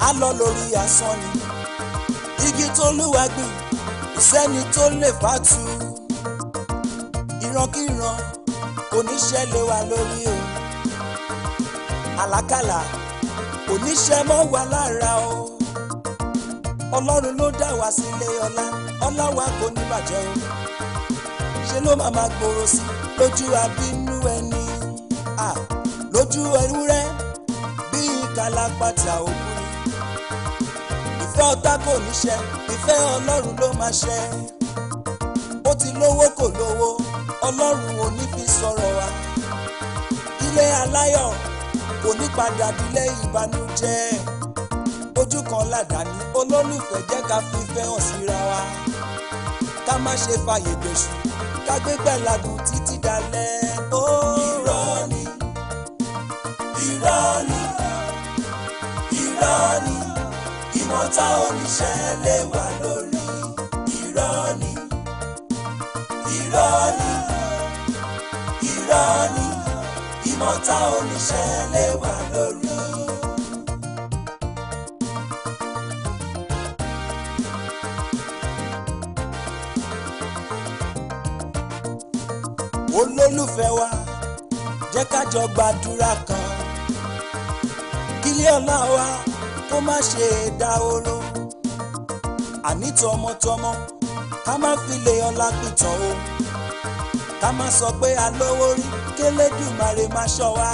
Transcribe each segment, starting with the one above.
á lọ lórí asán ni igi tó lúwa gbìn ìsẹ́ni tó lè fà tu ìrankíran kò ní ṣẹlẹ̀ wá lórí o àlákàlà kò ní ṣẹ mọ́ wa lára o ọlọ́run ló dá wa sílé ọlá ọlá kò ní bàjẹ́ o ṣe ló máa máa gbòòrò sí lójú abínú ẹni lójú ewúrẹ́ bí ìkàlápàtà òkú ọ̀tá kò ní ṣẹ ìfẹ́ ọlọ́run ló máa ṣẹ ó ti lówó kò lówó ọlọ́run ò ní fi sọ̀rọ̀ wa ilé aláyọ̀ kò ní padà dilé ìbànújẹ́ ojú kan ládàáni olólùfẹ́ jẹ́ ká fífẹ́ hàn síra wa ká má ṣe fàyè gbèsù ká gbégbẹ́ ládùn títí dalẹ̀ ó irọ́ ni irọ́ ni irọ́ ni ìmọ̀ta oníṣẹ́ lè wà lórí irọ́ ni irọ́ ni irọ́ ni ìmọ̀ta oníṣẹ́ lè wà lórí. olólùfẹ́ wa jẹ́ ká jọ gbàdúrà kan kílíọ̀nù wa kó má ṣe dáhóró àní tọmọtọmọ ká má fi lè ọlá pìtàn o ká má sọ pé alówó rí kélédùmarè má ṣọ́ wa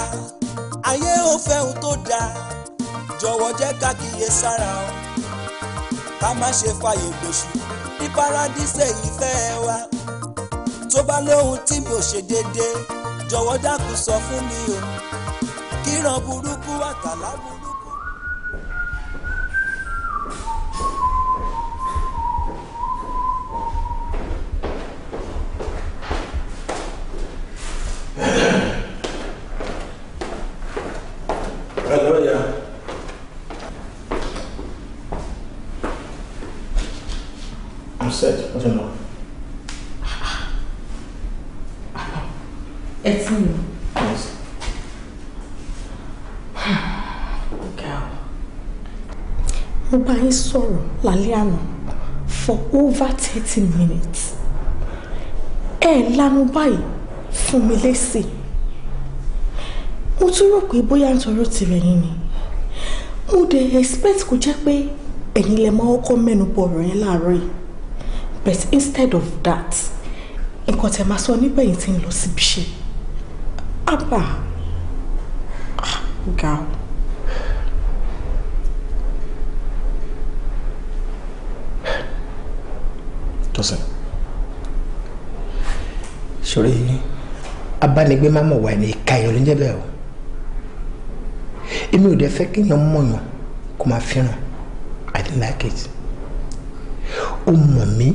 ayé ò fẹ́ ohun tó dáa jọ̀wọ́ jẹ́ ká kíyè sára o ká má ṣe fàyè gbèsù ní paradíṣẹ́ ìfẹ́ wa tó bá lóhun tí mi ò ṣe déédéé jọ̀wọ́ dákun sọ fún mi o kíran burúkú àtàlà burúkú. mo bá yín sọ̀rọ̀ lálẹ́ àná for over thirty minutes ẹ lanu báyìí fún mi lésì mo tún rò pé bóyá nítorí tirẹ̀ yín ni mo dẹ̀ expect kó jẹ́ pé ẹ̀yin lè máa kọ́kọ́ mẹ́nu bọ̀ ọ̀rọ̀ yẹn láàárọ̀ yìí but instead of that nǹkan tẹ̀ máa sọ nígbẹ̀yìn tí ń lọ síbi ṣe àbá ah, ga o. sọ̀sẹ̀. sọ̀rọ̀ yìí ni abánigbé má mọ̀ wá ní ìka èèyàn ló ń jẹ́ bẹ́ẹ̀ o èmi ò dẹ̀ fẹ́ kéèyàn mọ̀yàn kó máa fẹ́ràn I didn't like it O mọ̀ mí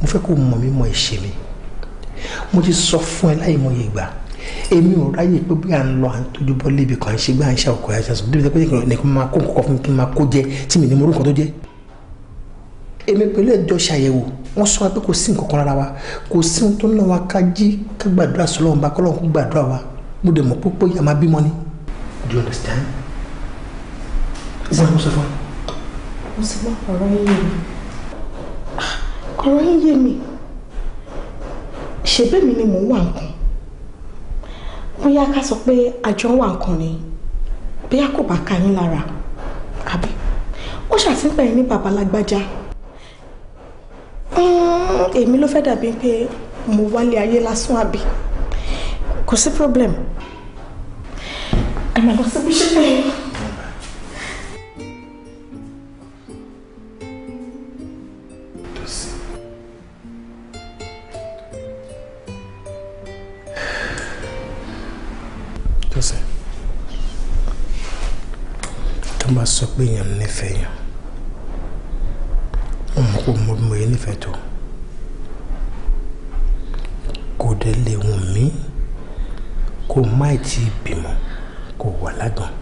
mo fẹ́ kó mọ̀ mí mọ̀ ìṣe mi mo ti sọ fún ẹ láì mọ̀ yìí gbà èmi ò ráyè pé bí à ń lọ à ń tójú bọ́ lébi kan ṣe gbà ń ṣe ọkọ̀ ẹ̀ ṣàṣọ débi pé nìkan máa kó nǹkan fún mi kí n máa kó jẹ tí mi ní mo rú nǹkan tó jẹ́ èmi pẹ̀lú ẹ̀jọ́ ṣàyẹ̀wò wọ́n sọ wa pé kò sí nǹkan kan rárá wa kò sí ohun tó ń náà ká jí ká gbàdúrà sọlọ́ ọ̀nba kọ́ lọ́hùn kó gbàdúrà wa mo dẹ̀ mọ̀ púpọ̀ yà máa bímọ ni. do you understand? ìsìn kò sọ fún mi. mo ti gbọ́ ọ̀rọ̀ yín yé mi ọ̀rọ̀ yín yé mi ṣèbẹ́ mi ni mò ń wà nǹkan bóyá ká sọ pé àjọ ń wà nǹkan ni bóyá kò bá ka yín lára àbí ó ṣàtìpẹ́ yín ní babalágbájá. Eh, èmi ló fẹ́ dàbí pé mo wálé ayé lásán àbí kò sí problem ẹ máa lọ síbi ṣẹ́pẹ́ yìí. tó sẹ tó sọ pé èèyàn nífẹ̀ẹ́ yàn òun kò mọ bí mo yẹ nífẹ̀ẹ́ tó kò dé lè wù mí kò má ti bímọ kò wà lágàn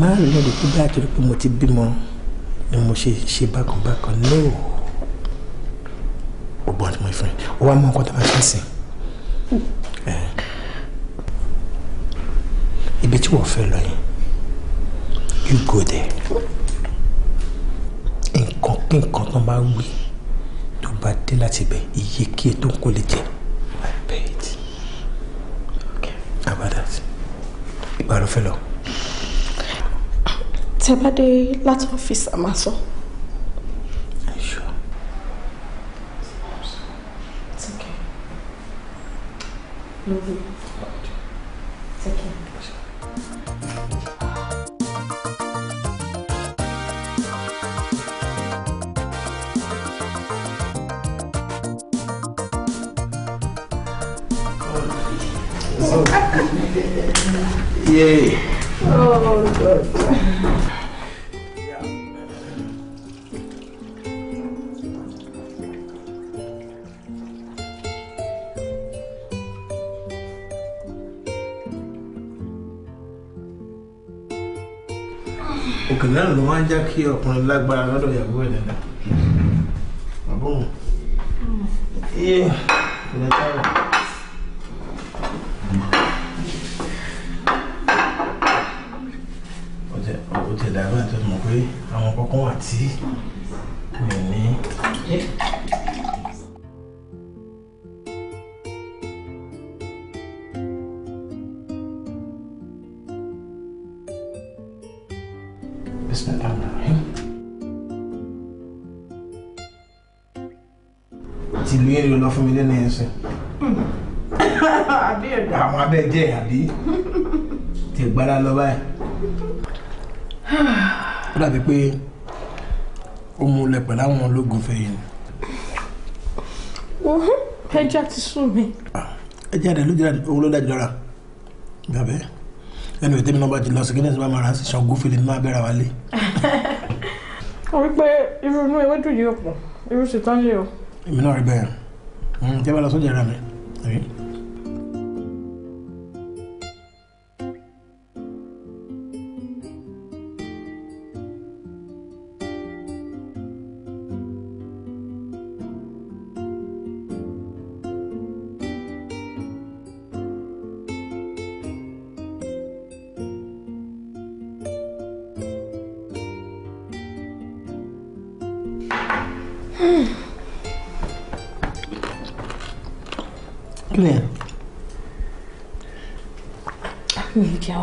máa rí pé báyà torí pé mo ti bímọ ni mo ṣe ṣe bákanbákan náà ó gbọ́n tí mo fẹ́ ó wá mọ nǹkan tó bá fẹ́ sìn ibi tí wọ́n fẹ́ lọ yẹn you go there nǹkan kí nǹkan tó máa ń wí tó bá dé láti bẹ̀ iye kí ètò ń kó lè jẹ́ I Okay. How about that? Ìgbà ló fẹ́ lọ. Tẹ́ bá dé láti ọ́fíìsì àmásọ́. Mm-hmm. kí ọkùnrin lágbára lọ́dọ̀ ìyàwó ẹ̀ dáadáa. àbí tẹ gbára lọ báyìí ó dàbí pé ó múlẹ̀ pẹ̀lú àwọn ológun fẹ̀yìn ni. wo ẹja ti sùn mi. ẹja rẹ ló jẹ́ òun ló dájú lọ́ra gbàgbé ẹnu ìtẹ́mi náà bá ti lọ sí guinness bá máa ra sí ṣan gúfèlè ní máa bẹ̀rẹ̀ wálé. mo rí pé irú inú ewédú yìí ò pọ̀ irú ṣètọ́jú o. èmi náà rí bẹ́ẹ̀ tí a bá lọ sójà rà mí.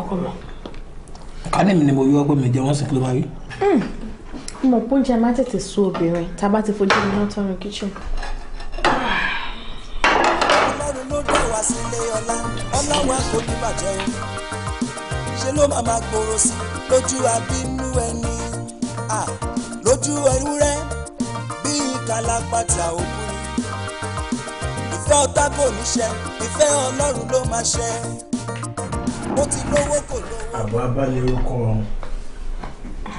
kọ́kọ́ mọ̀. kánẹ́ mi ni mo yọ ọgbẹ́ mi jẹ wọ́n sì kí ló máa rí. Hmm. mo mọ̀ pé oúnjẹ máa tètè sú obìnrin tá a bá ti fojú mi náà tọrùn kíchìn. ọlọ́run ló dé wá sílé ọlá ọlọ́run àpò níbàjẹ́ o ṣe ló máa máa gbòòrò sí lójú abínú ẹni lójú ewúrẹ́ bí kàlápàtà òkú ìfẹ́ ọ̀tá kò níṣẹ́ ìfẹ́ ọlọ́run ló máa ṣẹ ó ti lówó kò lówó. àbọ̀ abálẹ̀ orúkọ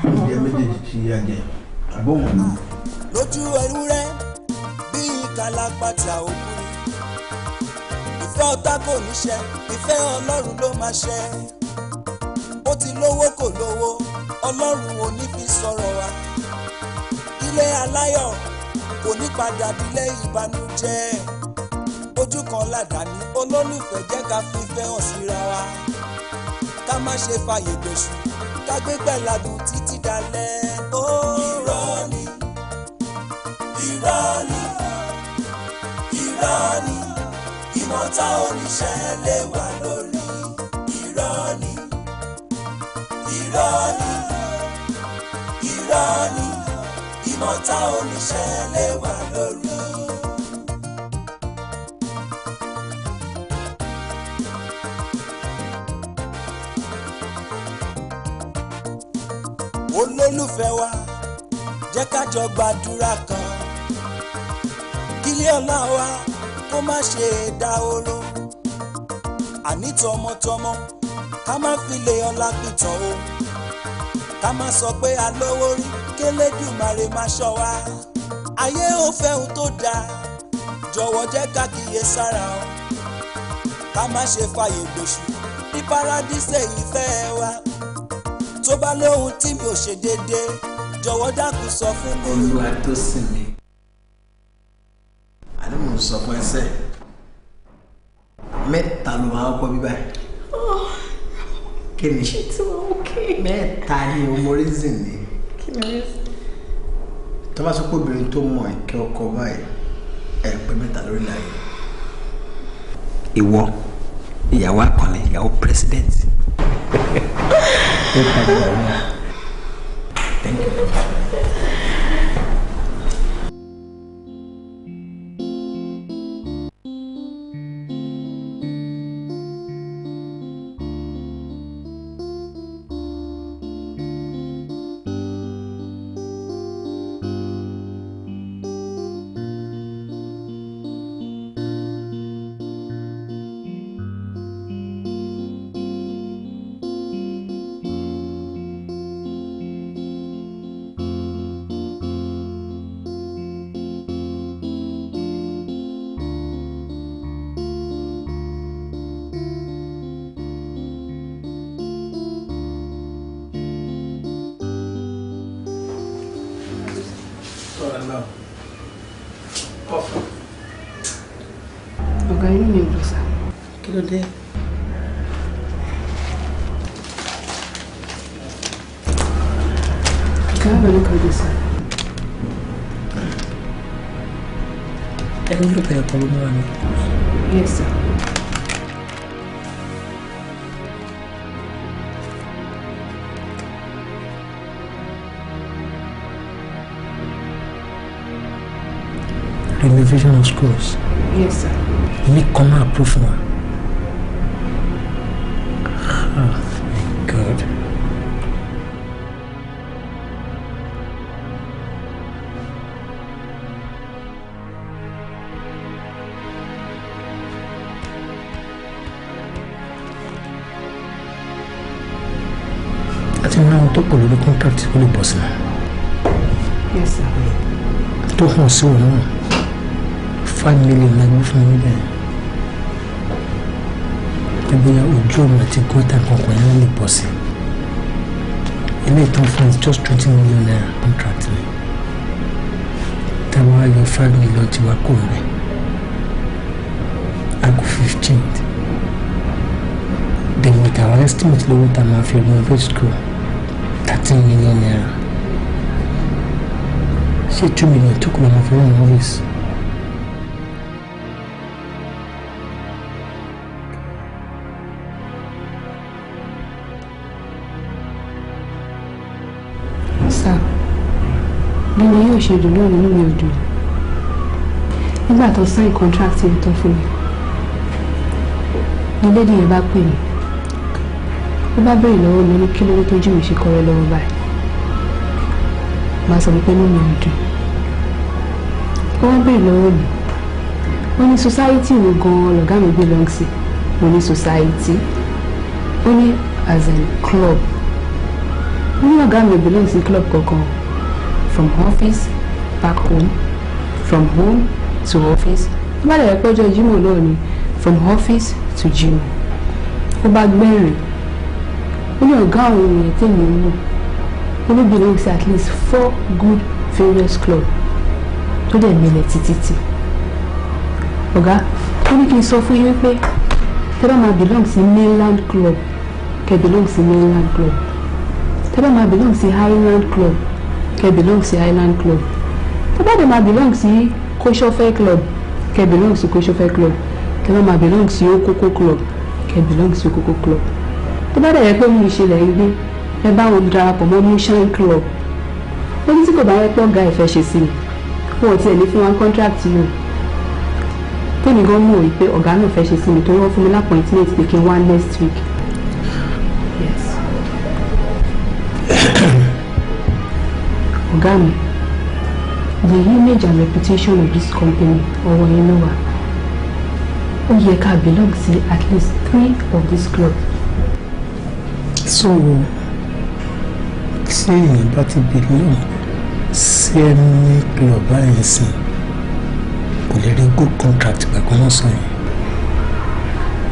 ìdílé méjèèjì ti yá jẹ àbọ̀ wọn. lójú ewúrẹ́ bí kàlápàtà òkú ìfẹ́ ọ̀tá kò ní ṣẹ ìfẹ́ ọlọ́run ló máa ṣẹ ó ti lówó kò lówó ọlọ́run ò ní fi sọ̀rọ̀ wa ilé aláyọ̀ kò ní padà dilé ìbànújẹ́ ojú kan ládàáni olólùfẹ́ jẹ́ ká fífẹ́ hàn síra wa ká má ṣe fàyè gbèsù ká gbé pẹ̀ládùn títí dalẹ̀ irọ́ ni irọ́ ni irọ́ ni ìmọ̀ta oníṣẹ́ lè wà lórí irọ́ ni irọ́ ni irọ́ ni ìmọ̀ta oníṣẹ́ lè wà lórí. olólùfẹ́ wa jẹ́ ká jọ gbàdúrà kan kílé ọlá wa kó má ṣe dahoro àní tọmọtọmọ ká má fi lé ọlá pìtàn o ká má sọ pé alówó rí kélédùmarè má ṣọ́ wa ayé ò fẹ́ ohun tó dáa jọ̀wọ́ jẹ́ ká kíyè sára o ká má ṣe fàyè gbòṣù ní paradíṣẹ́ ìfẹ́ wa tó bá lóhun tí mi ò ṣe déédéé jọ̀wọ́ dákun sọ fún mi. olúwa tó sìn mí àní mò ń sọ fún ẹsẹ̀ mẹ́ta ló máa kọ bíbá kí ni mẹ́ta ni omorizin ni tó bá sọ pé obìnrin tó mọ ìkẹ́ ọkọ báyìí ẹ pé mẹ́ta lórí láyé. ìwọ ìyàwó àkànlé ìyàwó pírẹsidẹ́ǹtì. Thank you. The vision of schools. Yes, sir. Èmi kan máa approve wọn. Ah, thank God. àti náà tó pẹ̀lú lórí contract olùbọ̀sìn. Yes, sir. Tó hàn sí òun náà five million la gbé fún mi níbẹ̀ ẹgbẹ́yà ojú ọ̀nà àti gọ́tà kankan yẹn lè pọ̀ sí ilé ìtàn fún mi just twenty million naira contract ni táwọn ayọ̀ five million ti wá kó rẹ̀ aago fifteenth then with our estimate lówó tá a máa fi renovate school thirteen million naira ṣé two million tó kù lọ́mọ fi rán movies. ṣe dùn náà nínú mi ò dùn nígbà tó sign contract yẹn tán fún mi ní lédi yẹn bá pè mí ó bá béèrè lọ́wọ́ mi ní kí ló dé tójú mi ṣe kọ́rẹ́ lọ́wọ́ báyìí màá sọ wípé inú mi ò dùn ó wá béèrè lọ́wọ́ mi ó ní society wo gan-an lọ̀gá mi belong sí mo ní society ó ní as in club ó ní ọ̀gá mi belong sí club kankan from office back home from home to office tó bá dẹ̀rẹ̀ pẹ́jọ́ jimoh náà ni from office to jimoh ó bá gbẹ̀rẹ̀ ó ní ọ̀gá àwọn èèyàn tèmi mú ó ní belongs at least four good various club tó dẹ̀ milẹ̀ títí ọ̀gá ó ní kí n sọ fún yín pé tẹ́lá máa belong sí mainland club kẹ́ belong sí mainland club tẹ́lá máa belong sí highland club kẹ́ belong sí Island Club tó bá dẹ̀ máa belong sí kóṣọ́fẹ́ club kẹ́ belong sí kóṣọ́fẹ́ club kẹ́ má máa belong sí okoko club kẹ́ belong sí okoko club tó bá dẹ̀ yẹ pé mú ìṣẹ̀lẹ̀ ń gbé ẹ bá wọn darapọ̀ mọ́ moonshine club ó ní tí kò bá yẹ pé ọ̀gá ìfẹ́ ṣe sí mi wọn ò tiẹ̀ ní fún wa contract yìí tóní gan mọ̀ wípé ọ̀gá náà fẹ́ ṣe sí mi torí wọ́n fún mi lápọ̀ appointment pé kí n wá next week ọ̀gá the image and reputation of this company ọwọ́ yín ló wà ó belong sí at least three of this club. so tí èèyàn it ti belong sí ẹni club báyìí sìn kò lè rí good contract but náà sàn yìí.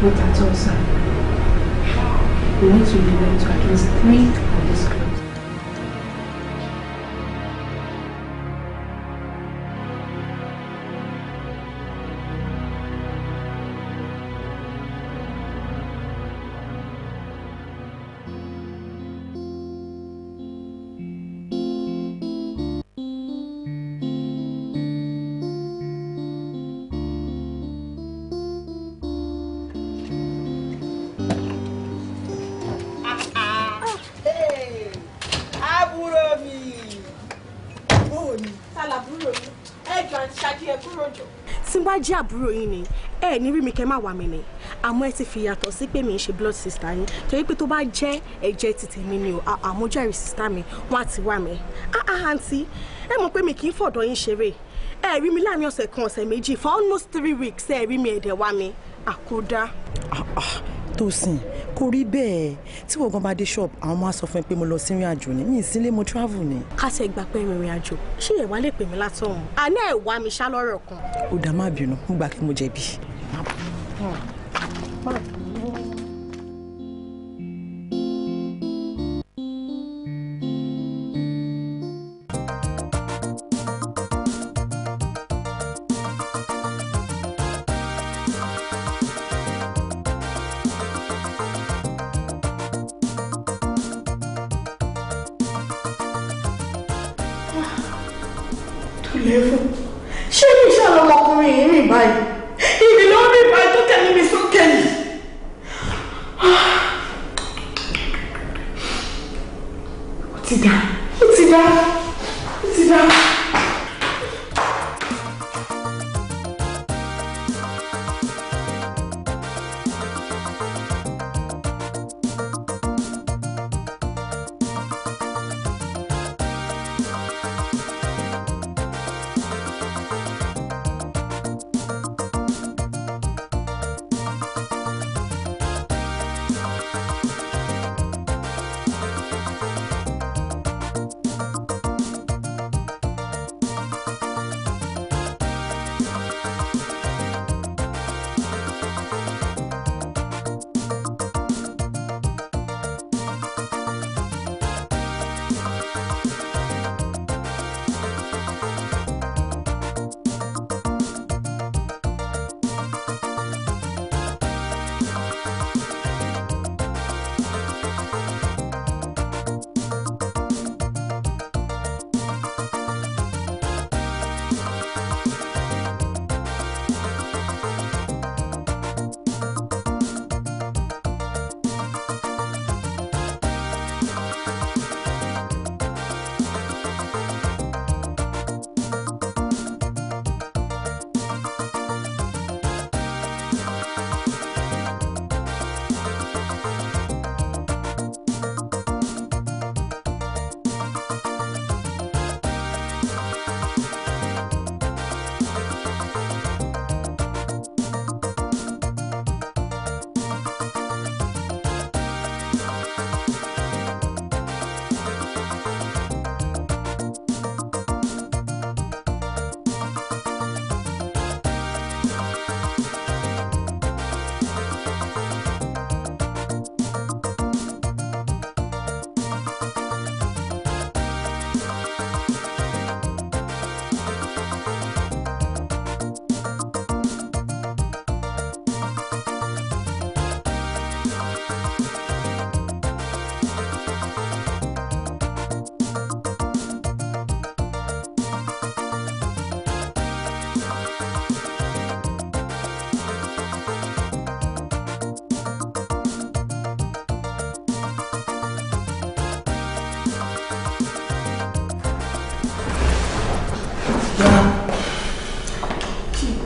not at all sir we need to belong to at least three of this club. jẹ́ àbúrò yín ni ẹ ní rí mi kẹ́ má wà mí ni àmọ́ ẹ ti fi yàtọ̀ sí pé mi ń ṣe blood sister yín torí pé tó bá jẹ́ ẹ̀jẹ̀ ti tèmi ni o àmójẹ́rì sister mi wọ́n á ti wá mi àǹtí ẹ mọ̀ pé mi kì í fọ̀dọ̀ yín ṣeré ẹ rí mi láàrin ọ̀sẹ̀ kan ọ̀sẹ̀ méjì for almost three weeks ẹ rí mi ẹ̀dẹ̀ wá mi àkódá. Ah, ah tó sìn kò rí bẹ́ẹ̀ tí wọ́n gan bá dé shop àwọn máa sọ fún ẹ pé mo lọ sí ìrìn àjò ni mi ì sílé mo travel ni. kásẹ̀ gbà pé ìrìn àjò ṣé ẹ̀ wá lè pè mí látọ̀hún àná ẹ̀ wá mi ṣá lọ́rọ̀ kan. ó dá má bínú mo gbà kí mo jẹ̀bi.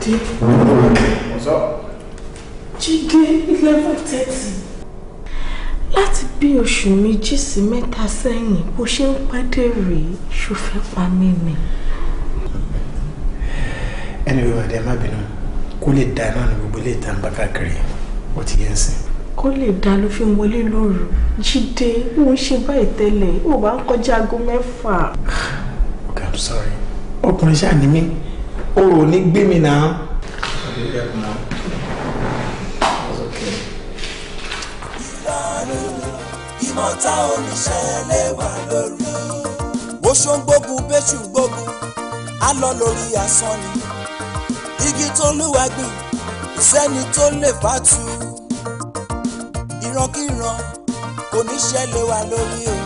Chide. What's up? Chide, eleven thirty. Láti bí oṣù méjì sí mẹ́ta sẹ́yìn bó ṣe ń pàdé rèé ṣó fẹ́ pa mí ni. Ẹni wíwá dẹ má bínú kó lè dá náà ní gbogbo ilé ìtàǹbà káàkiri ó ti yẹn sìn. Kó lè dá ló fi wọlé lóru. Jíde, ó ń ṣe báyìí tẹ́lẹ̀, ó bá ń kọjá aago mẹ́fà. Okay, I'm sorry. Ọkùnrin ṣáà ni mí orò ní gbé mi náà. ìmọ̀ta oníṣẹ́ lè wà lórí. bó ṣó ń gbógun bẹ́ṣù gbógun á lọ lórí asán ni. igi tó lúwa gbìn kò tó lè fà tu. ìrankíran oníṣẹ́ lè wà lórí o.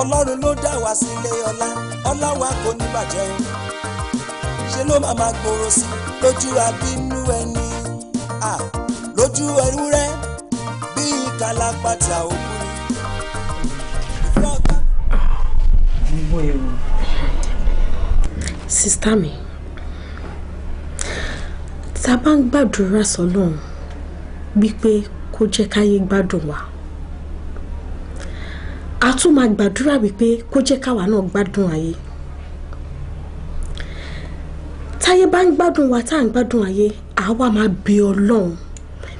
ọlọ́run ló dá wa sílé ọlá ọlá kò ní bàjẹ́ o ṣe ló máa máa gbòòrò sí lójú abínú ẹni lójú ewúrẹ́ bí kàlápàtà òkú. gbogbo èrò. sista mi tá a bá ń gbàdúrà sọ́lọ́run wípé kó jẹ́ káyé gbádùn wa a tún máa gbàdúrà wípé kó jẹ́ káwa náà gbádùn ayé. bá ń gbádùn wa tá à ń gbádùn ayé àwa máa bẹ ọlọ́run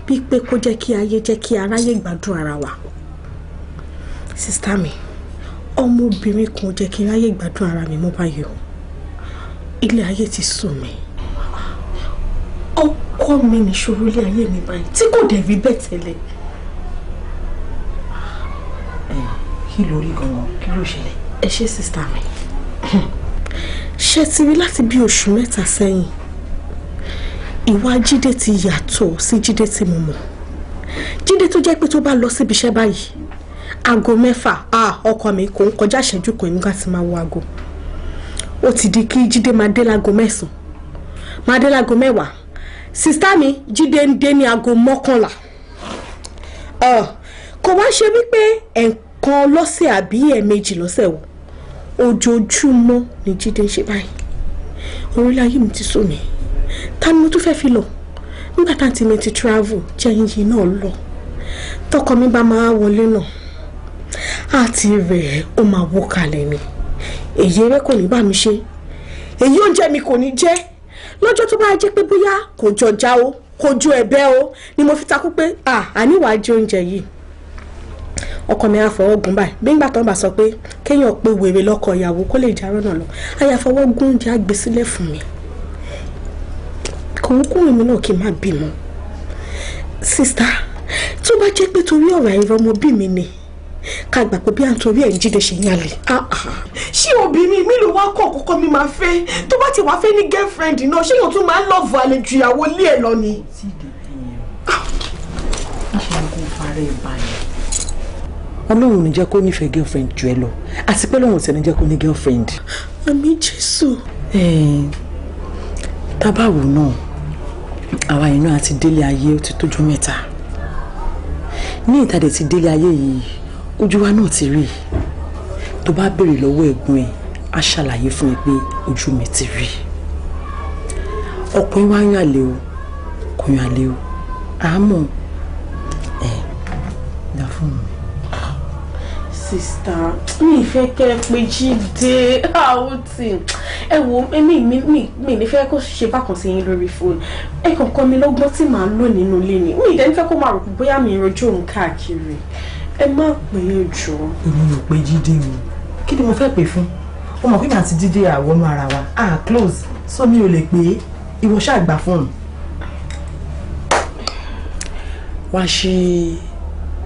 bíi pé kó jẹ́ kí ayé jẹ́ kí aráyé gbádùn ara wa sista mi ọmọbìnrin kan jẹ́ kí aráyé gbádùn ara mi mọ́ báyìí o ilé ayé ti sùn mí ọkọ mi nìṣòro ilé ayé mi báyìí tí kò dẹ̀ rí bẹ́ẹ̀ tẹ́lẹ̀. kí ló gan-an kí ló ṣẹlẹ̀. ẹ ṣe sista mi. ṣe ti rí láti bí oṣù mẹ́ta sẹ́yìn ìwà jíde ti yàtọ̀ sí jíde tí mo mọ̀ jíde tó jẹ́ pé tó bá lọ síbi iṣẹ́ báyìí aago mẹ́fà ọkọ mi kò ń kọjá ìṣẹ́jú kan nígbà tí máa wo aago ó ti di kí jíde máa dé láago mẹ́sàn-án máa dé láago mẹ́wàá sista mi jíde ń dé ní aago mọ́kànlá kò wá ṣe wípé ẹ̀ẹ̀kan lọ́sẹ̀ àbí ẹ̀ẹ̀mejì lọ́sẹ̀ o ojoojúmọ́ ni jíde ń ṣe báyìí orílẹ̀ ayé mi ti sọ mi ta mo tún fẹ́ẹ́ fi lọ nígbà tá à ti mi ti travel jẹ́ iye náà lọ tọkọ mi bá máa wọlé náà àti rẹ̀ ó máa wó kalẹ̀ ni èyí eré kò ní bá mi ṣe èyí oúnjẹ mi kò ní jẹ́ lọ́jọ́ tó bá jẹ́ pé bóyá kò jọjá o kò ju ẹ̀bẹ́ o ni mo fi takú pé à àníwàá oúnjẹ yìí ọkọ mi àfọwọ́gùn báyìí gbẹ́ngbà tó ń bá sọ pé kéèyàn pé wèrè lọ́kọ ìyàwó kó lè jarọ́ náà lọ àyàfọwọ́gùn jẹ́ àgbésílẹ̀ fún mi kòókùnrin mi náà kì í má bímọ sista tó bá jẹ́ pé torí ọ̀rọ̀ àìrọ́ ọmọ bí mi ni ká gbà pé bí à ń torí ẹ̀ ń jíde ṣe yàn lè. ṣé obìnrin mi ló wá kọ́ kọ́kọ́ mi máa fẹ́ tó bá ti wá fẹ́ ní girlfriend náà ṣé yóò tún máa ń lọ́ọ̀fù àlejò ìyàwó ilé ẹ̀ lọ ni. ṣé ìyàwó ọlọ́run ní jẹ́ kó nífẹ̀ẹ́ girlfriend jù ẹ lọ àti pé lọ́wọ́n tẹ̀lé jẹ́ kó ní girlfriend. àmì jésù. tábàwò náà àwa iná àti délé ayé ó ti tójú mẹ́ta ní ìtàdé ti délé ayé yìí ojú wa náà ti rí i tó bá béèrè lọ́wọ́ ẹ̀gbọ́n ẹ̀ á ṣàlàyé fún ẹ pé ojú mi ti rí i ọkùnrin wa yàn lé o kò yàn lé o àmọ́ ẹ̀ dá fún mi. Sister, mi ìfẹ́ kẹ́ ẹ pé jíde àwòtí ah, ẹ wo èmi mi mi nífẹ̀ẹ́ kó ṣe bákan sí yín lórí fóònù ẹ kàn kọ́ mi lọ́gbọ́n tí màá lò nínú ilé ni mi ìdẹ́ nífẹ̀ẹ́ kó máa rò bóyá mi ìrọ̀jú òun káàkiri ẹ má pè é jọ. èmi ò pé jíde o kí ni mo fẹ́ pè fún o mọ̀ pé mi àti jíde àwọnú ara wa ah close so mi ò lè pè é ìwọ ṣáà gbà fóònù. wá ṣí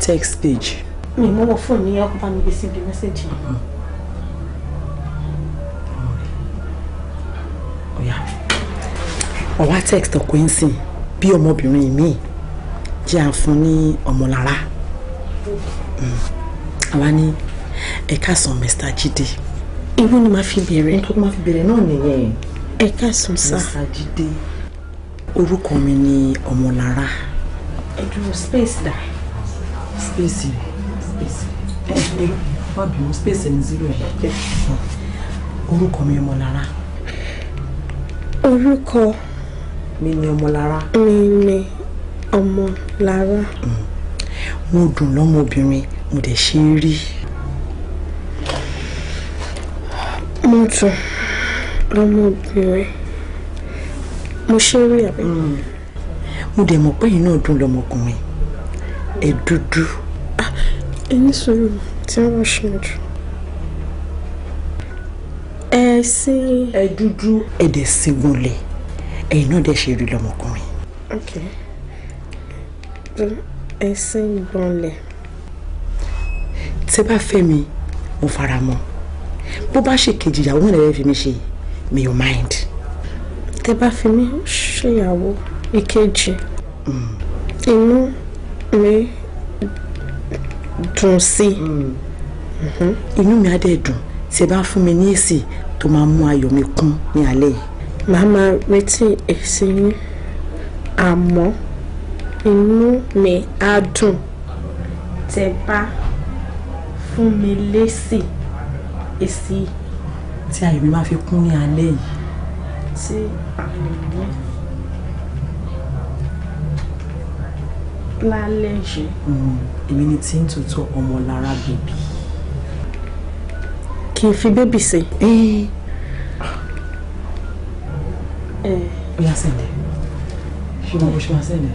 text page mi ì mọ́wọ́ fóònù yẹn ọkọ̀ bá mi gbé síbi mẹ́sẹ̀jì yẹn. ọ̀yà ọ̀wá text ọkọ̀ ẹ̀ ń sìn bí ọmọbìnrin mi jẹ́ àfún ní ọmọlára àwa hmm. ní ẹ̀ka sàn mr Jídé irú ni màá fi bẹ̀rẹ̀ nítorí màá fi bẹ̀rẹ̀ náà nìyẹn ẹ̀ka sàn sá mr Jídé orúkọ mi ni ọmọlára. ẹ dúró space dà. space yìí má bínú space ní zero yẹn orúkọ mi ọmọlára. orúkọ mi ni ọmọlára. mi ni ọmọlára. Mm. mo dùn lọ́mọbìnrin mo dẹ̀ ṣe rí. mo dùn lọ́mọbìnrin mo ṣe rí àbí. Mm. mo dẹ̀ mọ̀ pé yìí náà dùn lọ́mọkùnrin ẹ̀ dúdú ẹni sùúrù tí wọ́n bá ṣe jù. ẹ sí. ẹ dúdú ẹ dẹ̀ sí gbọ́lẹ̀ ẹ̀yin náà dẹ̀ ṣe rí lọ́mọkùnrin. ok ẹ sí gbọ́lẹ̀. tẹ́ bá fẹ́ mi mo fara mọ́ bó bá ṣe kejì ìyàwó náà lẹ́yìn fi mi ṣe mi ò mind. tẹ́ bá fi mi ṣèyàwó ìkejì mm. inú mi dùn sí mm-hmm. inú mi á dẹ̀ dùn ṣe bá fún mi ní èsì tó máa mú ayọ̀ mi kún ní alẹ́ yìí. màá máa retí èsì yín àmọ́ inú mi á dùn tẹ́ bá fún mi lésì èsì. tí ayọ̀ mi máa fi kún ní alẹ́ yìí. lálẹ́ yìí. Mm-hmm. èmi ni tí ń tutọ́ ọmọ lára bèbí. kì í fi bébì sí. Eh. Eh. ó yá sẹ́ndẹ̀ ṣé mo bó ṣe máa sẹ́ndẹ̀.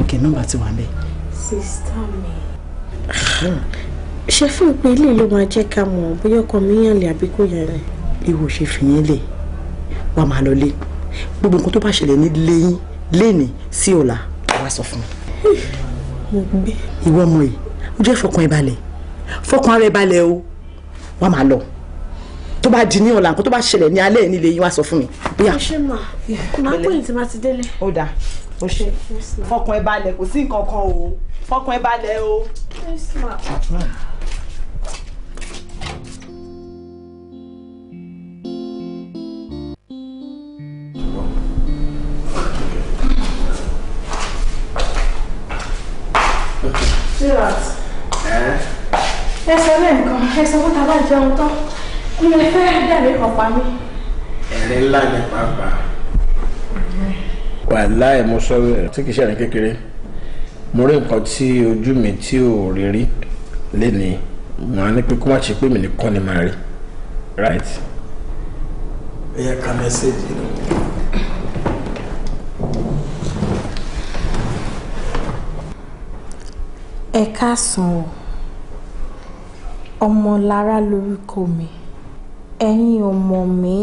ok nọ́mbà ti wà ń bẹ̀. sista mi. Hmm. ṣe fún ìpín ilé ló máa jẹ́ ká mọ̀ bóyá ọkọ mi yàn lè àbí kò yàn rẹ̀. ìwọ ṣe fìyẹn lè wàá máa lọ lé gbogbo nǹkan tó bá ṣẹlẹ̀ ní lẹ́yìn lẹ́ni sí ọ̀la. Si wá sọ fún mi. ìwọ ọmọ yìí ó jẹ́ fọkàn ẹ balẹ̀ fọkàn ara ẹ balẹ̀ o wàá máa lọ tó bá di ní ọ̀la nǹkan tó bá ṣẹlẹ̀ ní alẹ́ nílé yín wá sọ fún mi. ó ṣe máa pè ní tí máa ti délé. ó dà ó ṣe fọkàn ẹ balẹ̀ kò sí nǹkan kan o fọkàn ẹ balẹ̀ o. àṣẹ sanwó tá a bá jẹun tán mi ò fẹ́ dàbí ọ̀pá mi. ẹ̀rín ńlá ni pàápàá. wàláì mo sọ tí kì í ṣàrìn kékeré mo rí nǹkan tí ojú mi tí ò rí rí lénìí mo á ní pé kó má ṣe pé mi nìkan ni màá rí right. ẹ yẹ ká mẹ́sẹ̀gì lọ. ẹ káàsán ọmọlára lorúkọ mi ẹ̀yin ò mọ̀ mí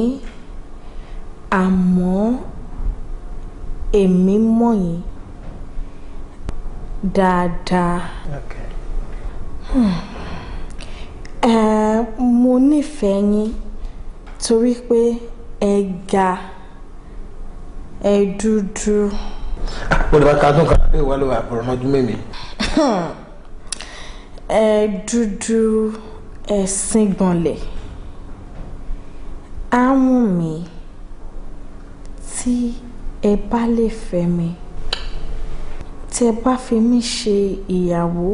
àmọ́ èmi mọ̀ yín dáadáa. Okay. Hmm. Eh, mo nífẹ̀ẹ́ yín torí pé ẹ ga ẹ dúdú. Ah, mo lè bá ka dún kan pé ìwà ló wà àbúrò ọmọdún mẹ́mi. Hmm ẹ dúdú ẹ síngbọnlẹ̀ á wù mí tí ẹ bá lè fẹ́ mi tẹ bá fi mí ṣe ìyàwó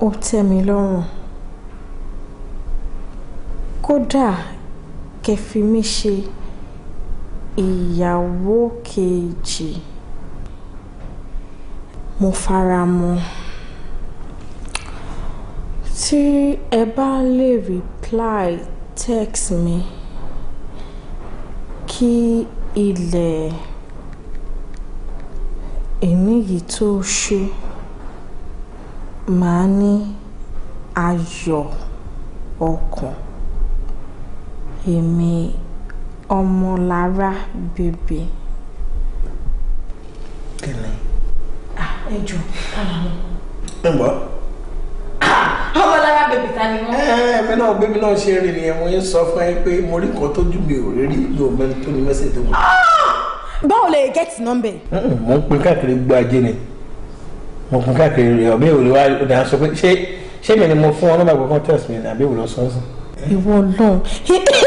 ó tẹ́ mi lọ́rùn kódà kẹ fi mí ṣe ìyàwó kejì mo fara mọ́ tí ẹ bá lè reply text mi kí ilẹ̀ èmi yìí tó ṣe máa ní ayọ̀ ọkàn èmi ọmọlára bèbè. kí ni. Ah, ẹ jọ. ẹ gbọ́ ọmọlára bèbè ta ni wọn. ẹ̀ẹ́mí náà bèbí náà ṣe rìn nìyẹn mo yín sọ fún ẹ pé mo rí kan tó jù mí ò rí yóò mẹ́ni tó ní mẹ́sẹ̀ tó wù. Ah! báwo lè gẹ́tì nọ́mbẹ̀. mo ń pin káàkiri gbọ́ ajé ni mo pin káàkiri ọ̀bẹ òní wa ọ̀dà sọ pé ṣé ṣé mi ni mo fún ọ nọ́mbà gbọ́kàn tẹ̀sí mi ni àbí òní ọ̀sán sàn. ìwọ náà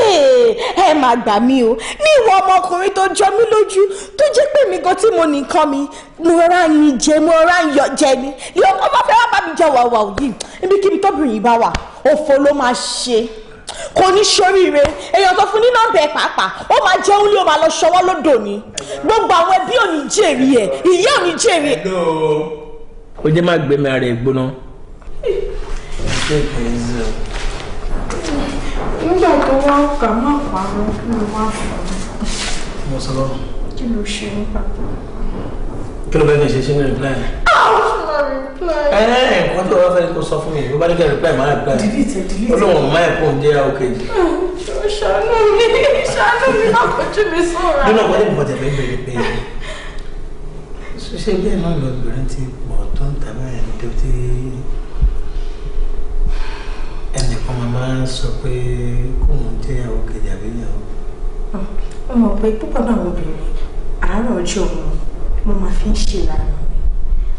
ẹ máa gbà mí o ní ìwọ ọmọkùnrin tó jọ mí lójú tó jẹ́ pé mi gan tí mo nìkan mi mo rà ń jẹ mo rà ń jẹ ni ni ọkọ bá fẹ́ wá bá mi jẹ wàwà yìí ibikíbi tóbìnrin bá wà òfò ló máa ṣe kò ní ṣoríire èèyàn tó fún ní nọ́mbà ẹ pàápàá ó máa jẹ ó lé ó máa lọ ṣọwọ́ lódò ni gbogbo àwọn ẹbí ò ní jèrè ẹ ìyá ò ní jèrè. ó jẹ́ máa gbẹ̀mí ara ẹ̀ gbóná nígbà tó wá kà má parọ́ kí ló má parọ́. mo sọ lọ. kí ló ṣe ní pàtó. kí ló bẹ́ẹ̀ ní ṣe sínú reply. Oh, ẹ ẹ nǹkan tó wá fẹ́ kó sọ fún mi ló bá ní kí reply má reply. delete delete. ó lóun má ẹ̀ fún un dé àwọn kejì. Hmm, ṣàánú mi ṣàánú mi lákòójú mi sọ̀rọ̀. nínú ọ̀pọ̀ ẹ̀bùn ọ̀tẹ̀ bẹ́ẹ̀ bẹ̀rẹ̀ bẹ́ẹ̀ ṣe bẹ́ẹ̀ náà lọ bẹ̀rẹ̀ ti pọ̀ máa ń sọ pé kóun jẹ́ ìyàwó kejì àbí ìyàwó. mo ah, mọ̀ pé púpọ̀ náà mo bèrè àárọ̀ ọjọ́ wọn mo máa fi ń ṣe ìlànà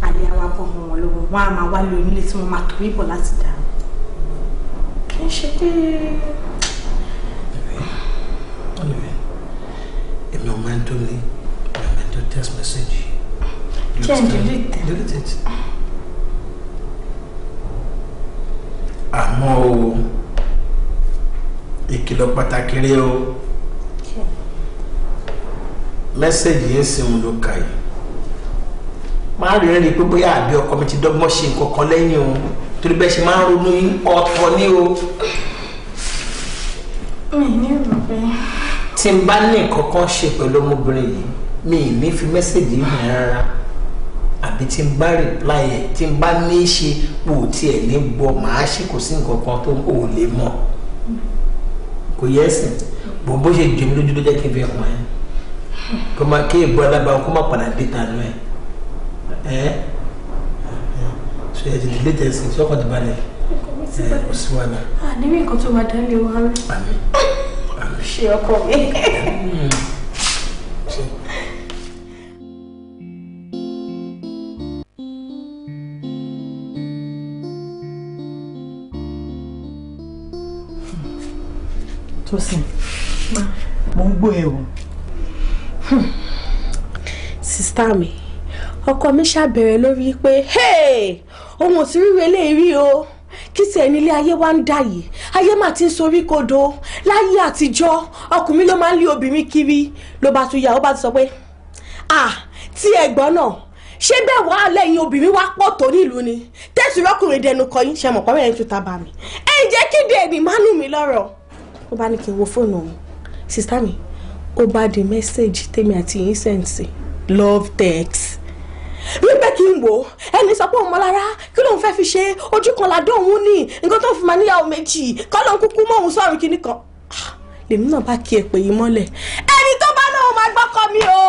àlẹ́ àwọn abọ́mọ wọn lọ́wọ́ wọn á máa wá lóyún nílé tí wọ́n máa torí bọ̀ láti dà kì í ṣe pé. èmi ò máa ń tó ní ọ̀nà tó text message yìí. jẹ́ delete delete it. àmọ́ o ìkìlọ̀ pàtàkì rẹ o mẹ́sẹ̀gì yẹn sì ń lo kàyí máa rí rẹ́rìn pé bóyá àbí ọkọ mi ti dọ́gbọ́n ṣe nǹkan kan lẹ́yìn o torí bẹ́ẹ̀ ṣe máa ń ronú ọ̀tọ̀ ní o. tí n bá ní nǹkan kan ṣe pẹ̀lú ọmọbìnrin yìí mi ì ní fi mẹ́sẹ̀gì yìí hàn rárá àbí tí n bá rìpláì ẹ̀ tí n bá ní í ṣe pò tí ní gbọ́ màá ṣe kò sí nǹkan kan tó ò lè mọ̀ kò yẹ ẹsìn bó bó ṣe jẹ mí lójú ló jẹ kí n fi ẹkùn ẹ kó má kí èbú alábàá kó má padà dé tànú ẹ ẹ sọ yẹ ti dìlé tẹsán sọkàn ti balẹ̀ ẹ kò sí wàhálà. àní nǹkan tó máa dá lé wa rẹ. ṣe ọkọ mi. Tosin mo ń gbọ́ ẹ o. sista mi ọkọ mi ṣàbẹ̀rẹ̀ lórí pé òun ò sí ríro eléyìí o kí tí ẹni ilé ayé wa ń dà yìí ayé mà ti ń sorí kodo láyé àtijọ́ ọkùnrin ló máa ń lé obìnrin kiri ló bá tún yà ó bá ti sọ pé ah tí ẹ̀gbọ́n náà ṣé bẹ́ẹ̀ wá lẹ́yìn obìnrin wá pọ̀ tó nílùú ni tẹ̀sùrọ́kùnrin dẹnu kọyín ṣe mọ̀ pọ́nmẹ́rin tún ta bá mi ẹ̀ ń jẹ́ kéde ẹ̀mí mánú mi lọ́rọ̀ ó bá ní kí n wo fóònù òun sista mi ó bá di mẹ́sẹ̀gì tèmi àti yín love text wípé kí n wò ẹni sọ pé òun mọlára kí lóun fẹ́ fi ṣe ojú kan ládùn òun ní nǹkan tó fi máa níyàwó méjì kọ́ lóun kúkú mọ́ òun sọ̀rọ̀ kíní kan ah, lèmi náà bá kí ẹ pè yí mọ́lẹ̀ ẹni tó bá náà máa gbọ́kọ mi o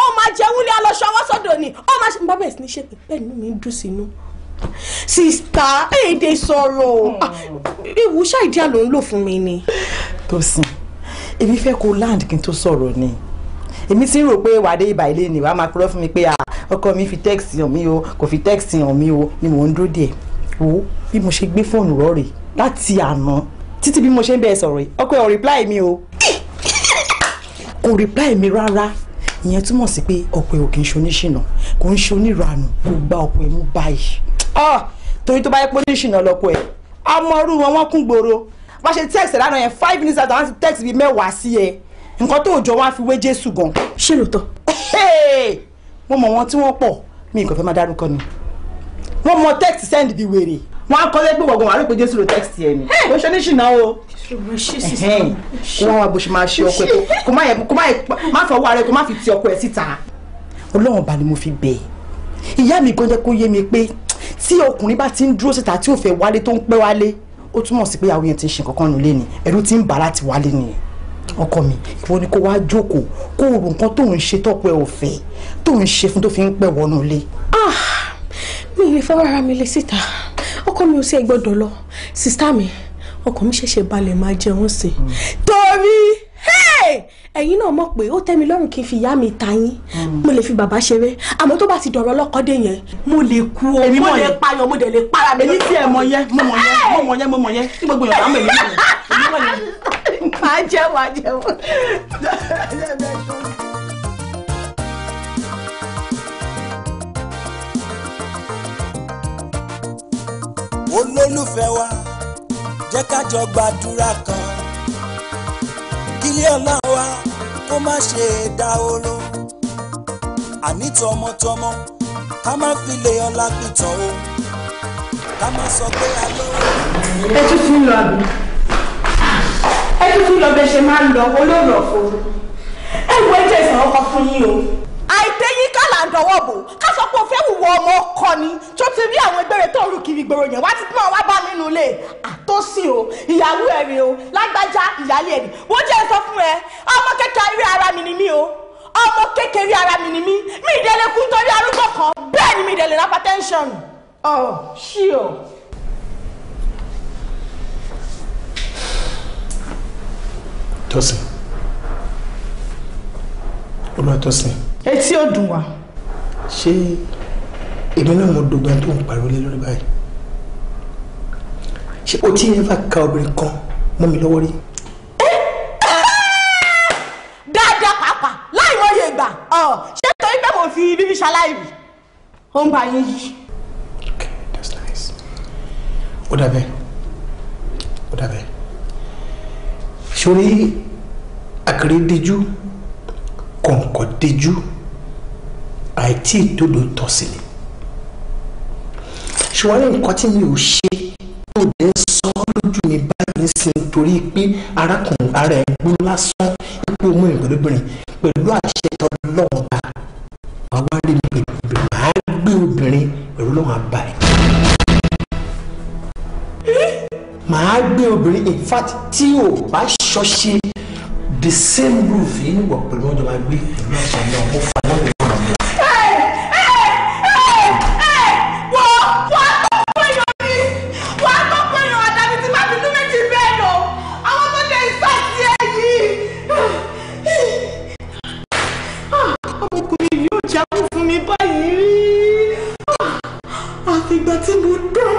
ó máa jẹun lé alọ́ṣọwọ́sọdọ̀ ni ó máa ṣe bá sí ní ṣe pé mi dùn sínú sista èdè sọ̀rọ̀ hmm. ewu ṣáìdí àlò ń lò fún mi ni. Tosin èmi fẹ́ kó land kí n tó sọ̀rọ̀ ni èmi ti ń rò pé wàdé ìbà ilé ni wàá máa purọ́ fún mi pé ah, ọkọ mi fi tẹ́ẹ̀sì hàn mí o kò fi tẹ́ẹ̀sì hàn mí o ni mò ń dúró díẹ̀ wo bí mo ṣe gbé fóònù rọ̀rẹ̀ láti àná títí bí mo ṣe ń bẹ̀ sọ̀rọ̀ yìí ọkọ ẹ̀ ò reply mi o kò reply mi rárá ìyẹn túmọ̀ sí pé ọ̀pọ̀ ẹ̀ ò kì í ṣe oníṣìnà kò ń ṣe oníranù kò gba ọ̀pọ̀ ẹ̀ mú báyìí Ah, torí tó bá yẹ position ọlọ́pọ̀ ẹ̀ ọmọọrú wọn wọ́n kún gbòòrò bá ṣe text lánàá yẹn five minutes after wọ́n ti text bíi mẹ́wàá sí ẹ nǹkan tó jọ wọn á fi wé Jésù gan. ṣé lóòótọ́. mo mọ̀ wọn tí wọ́n pọ̀ mi nǹkan fẹ́ máa dárúkọ ni wọ́n mọ text send bíi wèrè wọn á kọ́ lé pé wọ̀gàn wà ló pé jésù ló text yẹn ni bó ṣe ní ṣìnà o. kó wọn wá bó ṣe máa ṣe ọkọ ẹ kó má yẹ kó má yẹ má fọwọ́ ara ẹ kó má fi ti ọkọ ẹ síta. ọlọ́run ọba ni mo fi bẹ̀ ìyá mi gan jẹ́ kó yé mi pé tí ọkùnrin bá ti ń dúró síta tí ò fẹ́ wálé tó ń pẹ́ wálé ó túmọ̀ sí pé àwọn yẹn ti ń ṣe kankan nulẹ̀ ni ẹ̀rú ti ń bà láti wálé nìyẹn ọkọ mi ìwọ ni kó wá jókòó kó o rò nǹkan tó ń ṣe tọpẹ òfẹ tó ń ṣe fún tó fi ń pẹ wọnú ilé. Ah! mi ìrè fẹ́ rárá mi lè síta ọkọ mi ò sí ẹgbọ́dọ̀ lọ sísá mi ọkọ mi ṣẹ̀ṣẹ̀ balẹ̀ máa jẹun sí i hmm. torí ẹ̀yin náà mọ̀ pé ó tẹ́ mi lọ́rùn kí n fi ìyá mi ta yín hmm. mo lè fi bàbá ṣeré àmọ́ tó bá ti dọ̀rọ̀ ọlọ́kọ́dé yẹn mo lè kú o mo lè payọ̀ mo dẹ̀ lè para mi. èyí tí ẹ mọ yẹn mo mọ yẹn mo mọ yẹn mo mọ yẹn tí gbogbo yorùbá mọ èyí mọ yẹn. máa jẹ́ wàá jẹ́ wọ́n. olólùfẹ́ wa jẹ́ ká jọ gbàdúrà kan ilé ọlá wa kó má ṣe dá oró àní tọmọtọmọ ká má fi lè ọlá pìtàn o ká má sọ pé a lọ. ẹ tún ti ń lọ àbí ẹ tún ti ń lọ bẹ ṣe máa ń lọ olóòrò ọ̀fọ̀ ẹ wọ ẹ jẹ́ ìsàn fún yín o. àìtẹ́ à ń dọwọ́ bò ká sọ pé o fẹ́ wùwọ ọmọ ọkọ ni tó ti rí àwọn ẹgbẹ́rẹ́ tó rù kiri gbòòrò yẹn wá ti tún wá bá nínú ilé àtọ́sí o ìyàwó ẹ̀ o lágbájá ìyálé ẹ̀ wọ́n jẹ́ sọ fún ẹ ọmọ kékeré ara mi ni mí o ọmọ kékeré ara mi ni mí mi ìdẹ́lẹ̀ kú torí arúgbó kan bẹ́ẹ̀ ni mi ìdẹ́lẹ̀ rápá tẹ́ńṣọ̀n ọ̀ ṣí o. tọ́sí ó máa tọ́sí. etí ò dùn wá ṣé èmi náà mo dògbọ́n tó ń pariwo lé lórí báyìí ṣé o ti ever ka obìnrin kan mọ́ mi lọ́wọ́ rí. dáadáa pàápàá láì mọye ìgbà ṣé torí pé mo fi bíbí ṣaláìbì ó ń ba yín yìí. that's nice ó dàbẹ́ ó dàbẹ́ sórí àkèrè díjú kọ̀ǹkọ̀ díjú àìtí ìtòdò tọ̀ sí ni ṣùgbọ́n ní nǹkan tí mi ò ṣe tó dé sọ lójú mi báyìí nísìnyí torí pé arákùnrin ara ẹ̀ gbó lásán ipò mú ìgbẹ́lóbìnrin pẹ̀lú àṣẹ tọ́lú lọ́wọ́ bá wàá wá rí mi pẹ̀lú màá gbé obìnrin pẹ̀lú lọ́wọ́ bá ẹ̀ màá gbé obìnrin in fact tí ò bá ṣọṣe the same roof yìí wọ̀ pẹ̀lú ọjọ́ máa gbé pẹ̀lú àṣà náà ó fà náà. jáwé fún mi báyìí rí ah, àfìgbà tí mo dán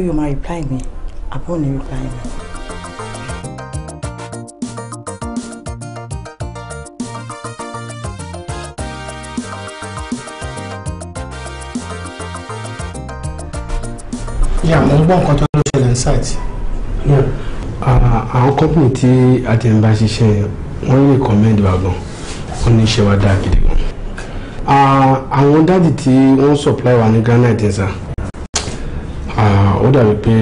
pé o máa reply me. I won't reply mi. yà mo ń gbọ́ nǹkan tó ló ṣẹlẹ̀ ní site. Ah, àwọn company tí a ti ń bá ṣiṣẹ́ wọ́n ń recommend wa gan wọ́n ní iṣẹ́ wa dáa gidi gan. Ah, àwọn dádì tí wọ́n supply wa ní granite ní sáà dàbí pé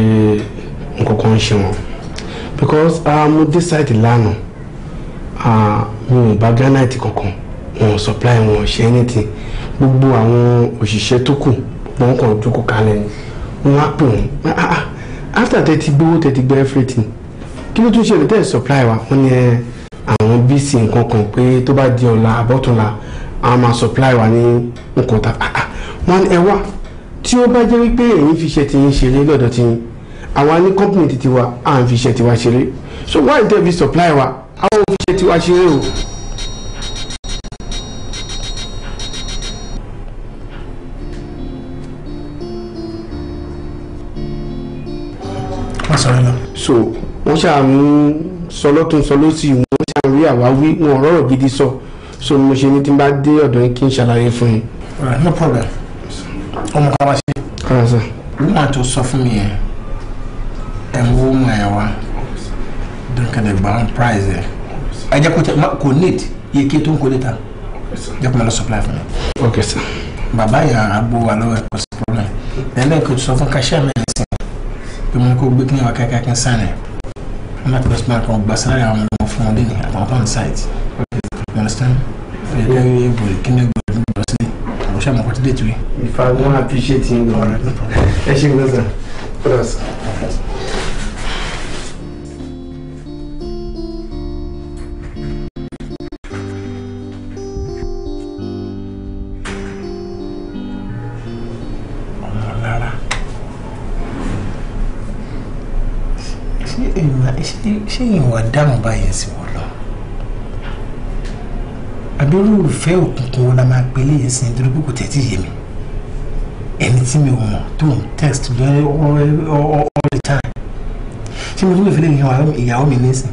nǹkan kan ń ṣe wọn because mo dé site lánàá mi ò bá granite kankan wọn ò supply wọn ò ṣe anything gbogbo àwọn òṣìṣẹ́ tó kù wọn kàn jókòó kalẹ̀ ni wọn á pè wọn ah, ah, ah, after tẹ ti gbowó tẹ ti gbẹ everything kí ló tún ṣe lẹ́tẹ̀ supply wa wọ́n ní àwọn bc nǹkan kan pé tó bá di ọ̀la àbọ̀túnla àwọn máa supply wa ní nǹkan ta wọ́n ní ẹ wá tí ó bá jẹ́ wípé ẹ̀yin fi iṣẹ́ tiyín ṣeré lọ́dọ̀ tiyín àwa ní company titi wa à ń fi iṣẹ́ tiwa ṣeré so why dem be supply wa àwọn ò fi iṣẹ́ tiwa ṣeré o. so wọ́n ṣáà ń sọ lọ́tún sọ lọ́sì wọ́n ṣáà ń rí àwa wọn ọ̀rọ̀ gidi sọ so mo ṣe ní tí n bá dé ọ̀dọ̀ yín kí n ṣàlàyé fún yín. no problem ọmọ kan wá sí. nígbà tó sọ fún mi yẹn ẹ ń wó mọ ẹ wá dọ̀kẹ́dẹ̀ gbà ń prize ẹ ẹ jẹ́ kó tẹ kò need iye kí tó ń kó létà jẹ́ kó máa lọ supply fún mi. ok sir. bàbá yà àgbo wà lọ́wọ́ ẹ̀ kò sí problem ẹ̀ lẹ́yìn kò sọ fún cashier mi ẹ̀ sìn pé mo ní kó gbé kí ni wà kẹ́kẹ́ kí n sàn ẹ̀ ẹ̀ má ti lọ sí máa kàn gbà àwọn ọmọ fún ọdún ní àwọn pound site you understand? o ṣe àmọ̀kọ́ ti dé tiwe. if i wan appreciate you gan ẹ ṣe gbọ́dọ̀ sir gbọ́dọ̀ sir. ṣé èèyàn wà dáhùn báyẹn sí wọn àbírúfẹ́ òkùnkùn wo la máa gbé léyìn sí nítorí pé kò tẹ́tí yé mi ẹni tí mi ò mọ̀ tó ń text all the time ṣé mo tún lè fi lè yan ìyàwó mi nísìn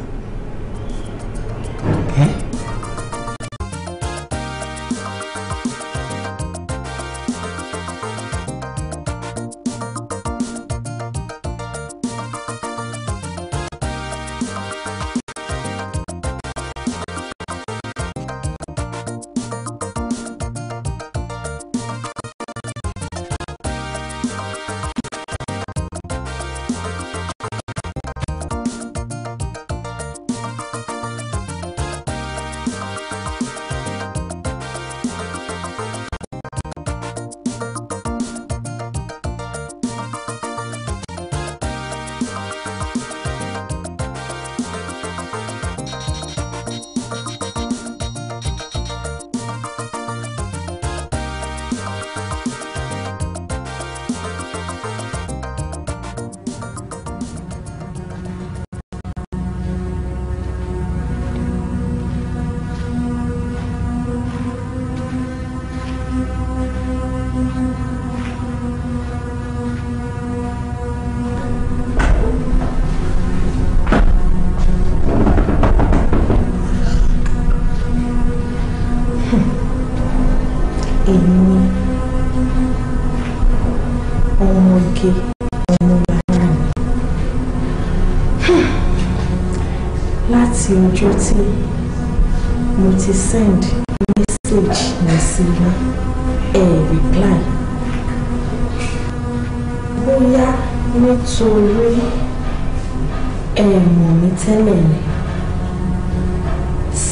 beauty mo ti send message mi sí ẹ reply bóyá nítorí ẹ mọ̀ mí tẹ́lẹ̀ ni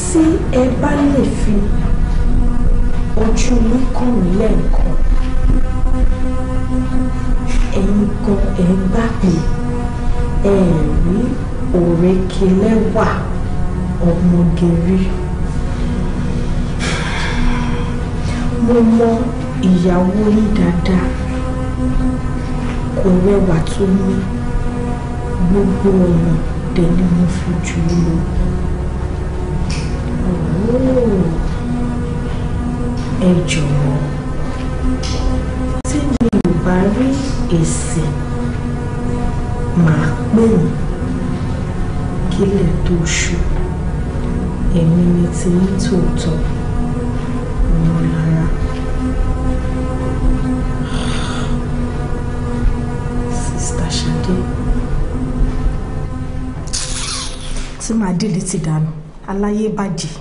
tí ẹ bá lè fi ojú mi kàn mí lẹ́ẹ̀kan ẹ̀yin kan ẹ̀ ń bá ẹ̀ rí òrékelẹ́wà ọmọge rí mo mọ ìyàwó yín dáadáa kò rẹwà tó ní gbogbo ọ̀nà dẹ̀ ni mo fojú lọ. ẹ jọ̀wọ́ tí mi ò bá rí èsì màá pè yín kílẹ̀ tó ṣubú èmi ni ti ní tòótọ́ ọmọ lára. sista Ṣadé tí màá délé ti dànù aláyé bàjẹ́.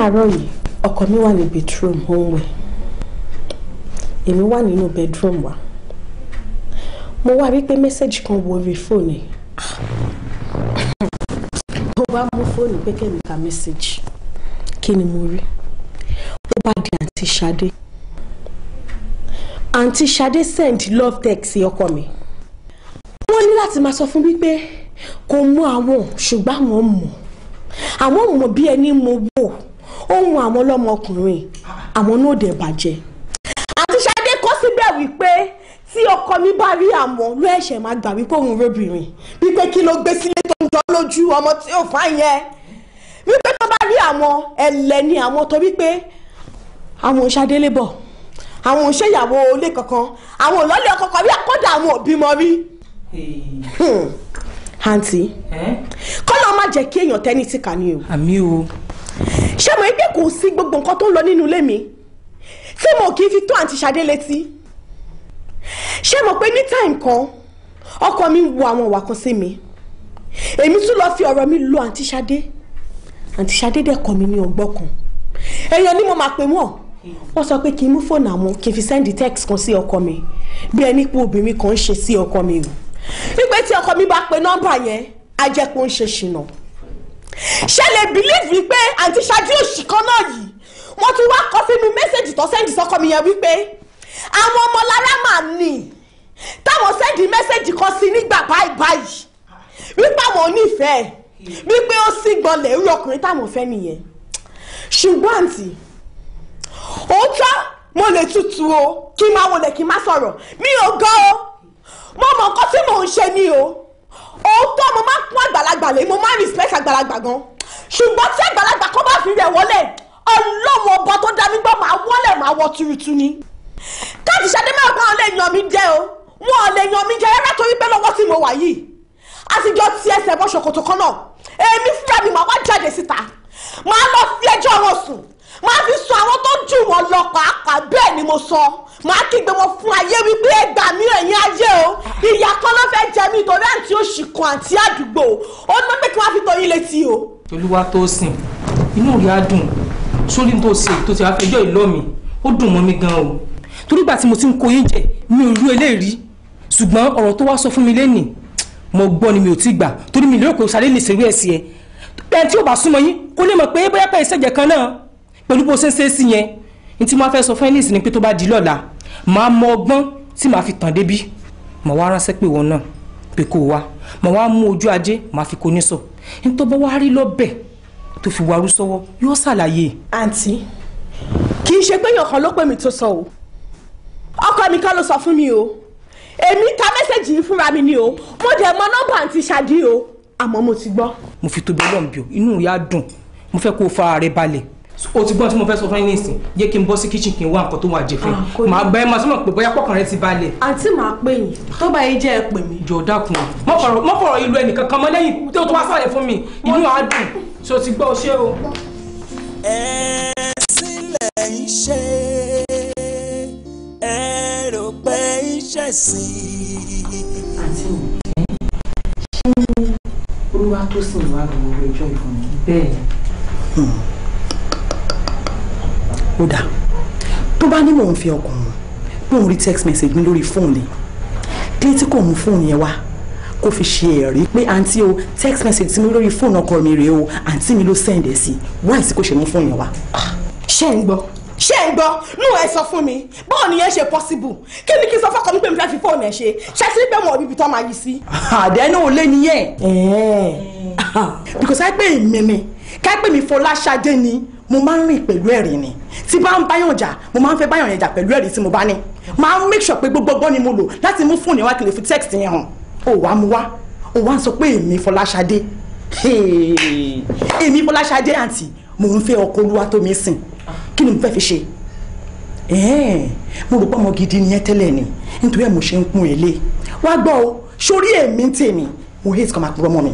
láàárọ̀ yìí ọkọ mi wà ní bedroom òun wẹ̀ èmi wà nínú bedroom wa mo wá rí pé mẹ́sẹ̀gì kan wo orí fóònù mo wá mú fóònù pé kẹ́mi ka mẹ́sẹ̀gì kí ni mo rí ó bá di àǹtí Ṣadé àǹtí Ṣadé send love text ọkọ mi wọ́n ní láti máa sọ fún mi pé kò mú àwọn ṣùgbọ́n àwọn mọ̀ àwọn mọ̀ bí ẹni mo wò ohun àwọn ọlọ́mọkùnrin àwọn náà dẹ̀ bàjẹ́ àti Ṣadé kọ́ síbẹ̀ wípé tí ọkọ mi bá rí àmọ́ ló ẹ̀ṣẹ̀ máa gbà wípé òun róbìnrin wípé kí ló gbé sílé tó ń jọ lójú ọmọ tí ò fà yẹn wípé tó bá rí àwọn ẹlẹ́ ni àwọn torí pé àwọn Ṣadé lè bọ̀ àwọn òṣè ìyàwó olè kankan àwọn òlọ́lẹ̀ ọkọ kan rí àkọ́dà àwọn òbí mọ rí. Hmm. àǹtí kọ́lọ́ má jẹ́ kí èèyàn tẹ́ni tìkà ni o. àmì o ṣé mo pé kò sí gbogbo nǹkan tó ń lọ nínú ilé mi tí mo kì í fi tó àǹtí Ṣadé létí ṣé mo pé ní táìmù kan ọkọ mi wo àwọn ìwà kan sí mi èmi tún lọ fi ọ̀rọ̀ mi lo àǹtí Ṣadé àǹtí Ṣadé dẹ̀ kọ́ mi ní ọgbọ́n kan èèyàn ni mo máa pè wọ́n wọ́n sọ pé kí n mú fóònù àwọn kí n fi sẹ́ndì text kan sí ọkọ mi bí ẹni pé obìnrin kan ń ṣe sí ọkọ mi o wípé tí ọkọ mi bá pe nọ́mbà yẹn á jẹ́ pé ó ń ṣe ṣìnà ṣe lè bílíìfù pé àǹtí ṣáájú òṣì kan náà yìí wọ́n tún wá kọ sínú mẹ́sẹ̀gì tó sẹ́ǹdì sọ́kọ mi yẹn wípé àwọn ọmọlára máa nì táwọn sẹ́ǹdì mẹ́sẹ̀gì kan sí nígbà báyìí báyìí wípé àwọn onífẹ̀ẹ́ wípé ó sì gbọ́lẹ̀ irú ọkùnrin táwọn fẹ́ nìyẹn ṣùgbọ́n àǹtí òótọ́ mo lè tutù o kí n máa wọlé kí n má sọ̀rọ̀ mi ò gọ́ o mo mọ̀ nǹkan tí mò ń ṣe ni o òótọ́ mo máa ń pọ́n àgbàlagbà lé mo máa ń respect àgbàlagbà gan ṣùgbọ́n tí àgbàlagbà kan bá fi rẹ̀ wọlé ọlọ́wọ́ ọba tó dá mi gbọ́ máa wọlé máa wọ tuurutu ni káàdì ṣadé máa bá wọn lè yan mi jẹ o wọn ò lè yan mi jẹ rárá torí pé lọ́wọ́ tí mo wà yìí àtijọ́ ti ẹsẹ̀ bọ́ ṣòkòtò kan náà èmi fúnra mi máa wá jáde síta máa lọ fi ẹjọ́ wọn sùn máa fi sùn àwọn tó jù wọn lọ kà bẹ́ẹ̀ ni mo sọ màá kígbe mo fún ayé wípé ẹgbà mi ẹ̀yìn ayé o ìyá kan ló fẹ́ jẹ mí torí àǹtí òṣì kan àdúgbò ó ní pé kí wọ́n fi tọyín létí o. olúwa tó sìn inú rẹ̀ á sórí tó ṣe tó ti wá fẹjọ́ ìlọ mi ó dùn mọ́ mi gan o torí ìgbà tí mo ti ń kó yín jẹ mi ò rú eléyìí ṣùgbọ́n ọ̀rọ̀ tó wá sọ fún mi lẹ́nìí mo gbọ́ ni mi ò ti gbà torí mi lérò pé ṣàlẹ́ lè ṣerú ẹ̀ sí ẹ bẹ́ẹ̀ tí ò bá súnmọ́ yín kó lè mọ̀ pé bóyá pẹ́ ìṣẹ̀jẹ̀ kan náà pẹ̀lú bó ṣe ń ṣe é sí yẹn n tí máa fẹ́ sọ fún ẹ nísìnyí pé tó bá di lọ́la màá mọ ọgbọ́n tí màá fi tàn débí màá wá ránṣẹ́ pé wọn náà pé kó o wá màá wá mú ojú ajé màá fi kó ní sọ n tó bá wá rí lọ́bẹ̀ tó fi warú sọ́wọ́ yóò ṣàlàyé. àǹtí kì í ṣe pé èèyàn kan ló pè mí tó sọ o ọkọ mi kan ló sọ fún mi o èmi ka mẹ́sẹ̀gì yìí fúnra mi ni o mo dẹ̀ mọ nọ́mbà àǹtí ṣáàdì o àmọ́ mo ti gbọ́. mo fi tóbi ọlọ́run inú ìyá dùn mo fẹ́ kó o fa ààrẹ balẹ̀ o ti gbọ́n mo fẹ́ sọ fún yín nísìn jẹ́ kí n bọ́ sí kitchen kí n wá nǹkan tó wà jẹ fún yín ah, màá gba ẹ máa sọ́mọ̀ pé bóyá pọ̀kàn rẹ ti balẹ̀. àǹtí màá pè yín tó bá yín jẹ́ ẹ pè mí. jọ̀ọ́ dákun mọ́ fọ̀rọ̀ ìlú ẹnìkan kan mọ́ lẹ́yìn tó tó wá sáré fún mi inú á dùn tí o ti gbọ́ ṣé o. ẹ sílẹ̀ iṣẹ́ ẹ rò pé iṣẹ́ sí i. àti òkè ṣé olúwa tó sìn wá lọ́wọ́ ọjọ́ ìfọ̀nù bẹ́ẹ̀ ó dáa tó bá ní mò ń fi ọkàn wọn mò ń rí text message mi lórí fóònù ni dé tí kò mú fóònù yẹn wá kó fi ṣe ẹ̀rí pé àǹtí o text message mi lórí fóònù ọkọ mi rèé o àǹtí mi ló send ẹ̀ sí wáì sí kò ṣe mú fóònù yẹn wá. Ah, ṣé ń gbọ́ ṣé ń gbọ́ nù ẹ sọ fún mi báwo ni yẹn ṣe possible kí ni kí n sọ fọkàn mi pé mi fẹ́ fi fóònù ẹ ṣe ṣe sí pé mo ò bíbi tó máa yí sí. àdẹ́nu ah, ò lé niyẹn. because àìpé mi ni káìpé mi Fọláṣadé ni mo máa ń rìn pẹ̀lú ẹ̀rí ni tí bá ń báyàn jà mo máa ń fẹ́ báyàn yẹn jà pẹ̀lú ẹ̀rí tí mo bá ní máa ń make sure pé gbogbo ọgbọ́n ni mo lò láti mú fóònù wa kí lè fi text yẹn hàn ó wá mu wá ó wá ń sọ pé èmi Fọláṣadé èmi Fọláṣadé àǹtí mo ń fẹ́ ọkọ olúwa tó mi sìn kí ni mo fẹ́ fi ṣe mo rò pé ọmọ gidi nìyẹn tẹ́lẹ̀ ni nítorí ẹ̀ mo ṣe ń pọ́n ẹ̀ lé wá gbọ́ o sórí èmi ń tèmi mo hate kọ́ máa purọ́ mọ́ mi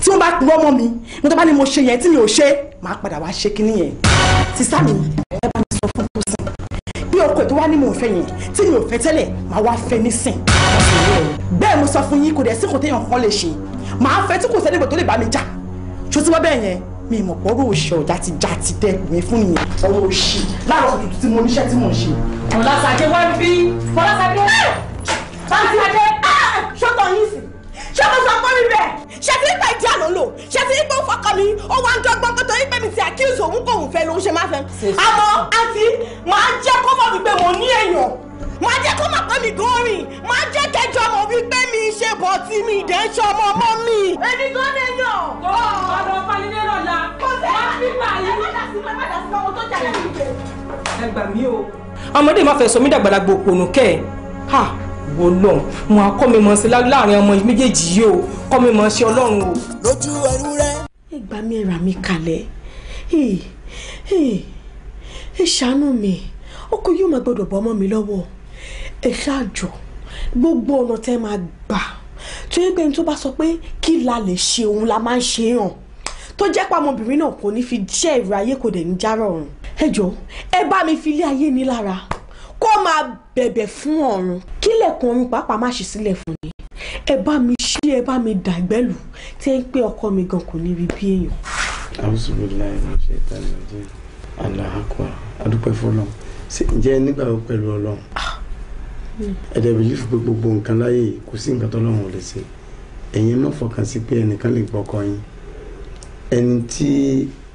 tí wọ́n bá pè ọmọ mi mo tó bá ní mo ṣe yẹn tí mi ò ṣe máa padà wá ṣe kinní yẹn sísá mi ẹ bá mi sọ fún tó sìn bí ọkọ ètò wá ní mò ń fẹ́ yẹn tí mi ò fẹ́ tẹ́lẹ̀ máa wá fẹ́ nísìn bẹ́ẹ̀ mo sọ fún yín kò dẹ̀ sí kò téèyàn kan lè ṣe máa fẹ́ tí kò sẹ́ni tó lè bá mi jà ṣó tí wọ́n bẹ́ẹ̀ yẹn mi ìmọ̀ pọ̀ ọ̀rọ̀ òṣì ọ̀já ti já ti dẹ́kun mi fún ìyẹn ọ̀rọ̀ òṣì láàárọ̀ tuntun tí mo níṣẹ́ tí mò ń ṣe. Fọláṣadé wá bí Fọláṣadé ah! Fọláṣadé ah! ṣọ́tọ̀ sì ṣé mo sọ fún mi bẹ́ẹ̀ ṣé ti nípa ìjà ló lò ṣé ti nípa òfọkàn mi ó wá ń dọ́gbọ́n pé torí pé mi ti accuse òun kò òun fẹ́ lòun ṣe máa fẹ́ àmọ́ àti màá jẹ́ kó mọ̀ wípé mo ní èèyàn màá jẹ́ kó mọ̀ pé mi gan rìn màá jẹ́ kẹjọ mọ̀ wípé mi ṣe bọ̀ tí mi ìdẹ́ ṣe ọmọ ọmọ mi. ẹni tó lè yàn. ọ̀rọ̀ panilé lọ́la wọ́n fi gbà yí. ẹ gbà mí o. ọmọdé má fẹ́ sọ mí dàgbàlagbà òpònú kẹ́ ẹ̀ ìwọ ọlọ́run wọn á kọ́ mi mọ̀ sí láàrin ọmọ méjèèjì yìí o kọ́ mi mọ̀ sí ọlọ́run o. lójú ẹrú rẹ. ẹ gbà mí ra mi kalẹ̀ ẹ ṣàánú mi ọkọ yóò máa gbọdọ̀ bọ́ ọmọ mi lọ́wọ́ ẹ ṣáàjọ gbogbo ọ̀nà tẹ́ máa gbà tó yẹ pé ní tó bá sọ pé kí la lè ṣe òun la máa ń ṣe hàn tó jẹ́ pé ọmọbìnrin náà kò ní fi jẹ́ ìrọ̀ ayé kò dẹ̀ ní járọ̀ ọ̀run ẹ jọ ẹ bá mi fi ilé ayé ní lára kó máa bẹ̀bẹ̀ fún ọ̀run kílẹ̀kùn ọ̀run pàápàá má ṣe sílẹ̀ fún mi ẹ bá mi ṣí ẹ bá mi dàgbẹ́lù tí ń pé ọkọ mi gan kò ní rí bí èèyàn. alhamdulilayi ló ṣe ìtàlẹ̀ ọdún aláàkọ́ adúpẹ́ fọlọ́ ṣe ǹjẹ́ nígbà wo pẹ̀lú ọlọ́run ah. ẹ̀dẹ̀ bìlífù pé gbogbo nǹkan láyè kò sí nǹkan tó lọ́run ò lè ṣe ẹ̀yin má fọkàn sí pé ẹnìkan lè gbọ́kọ yín ẹni tí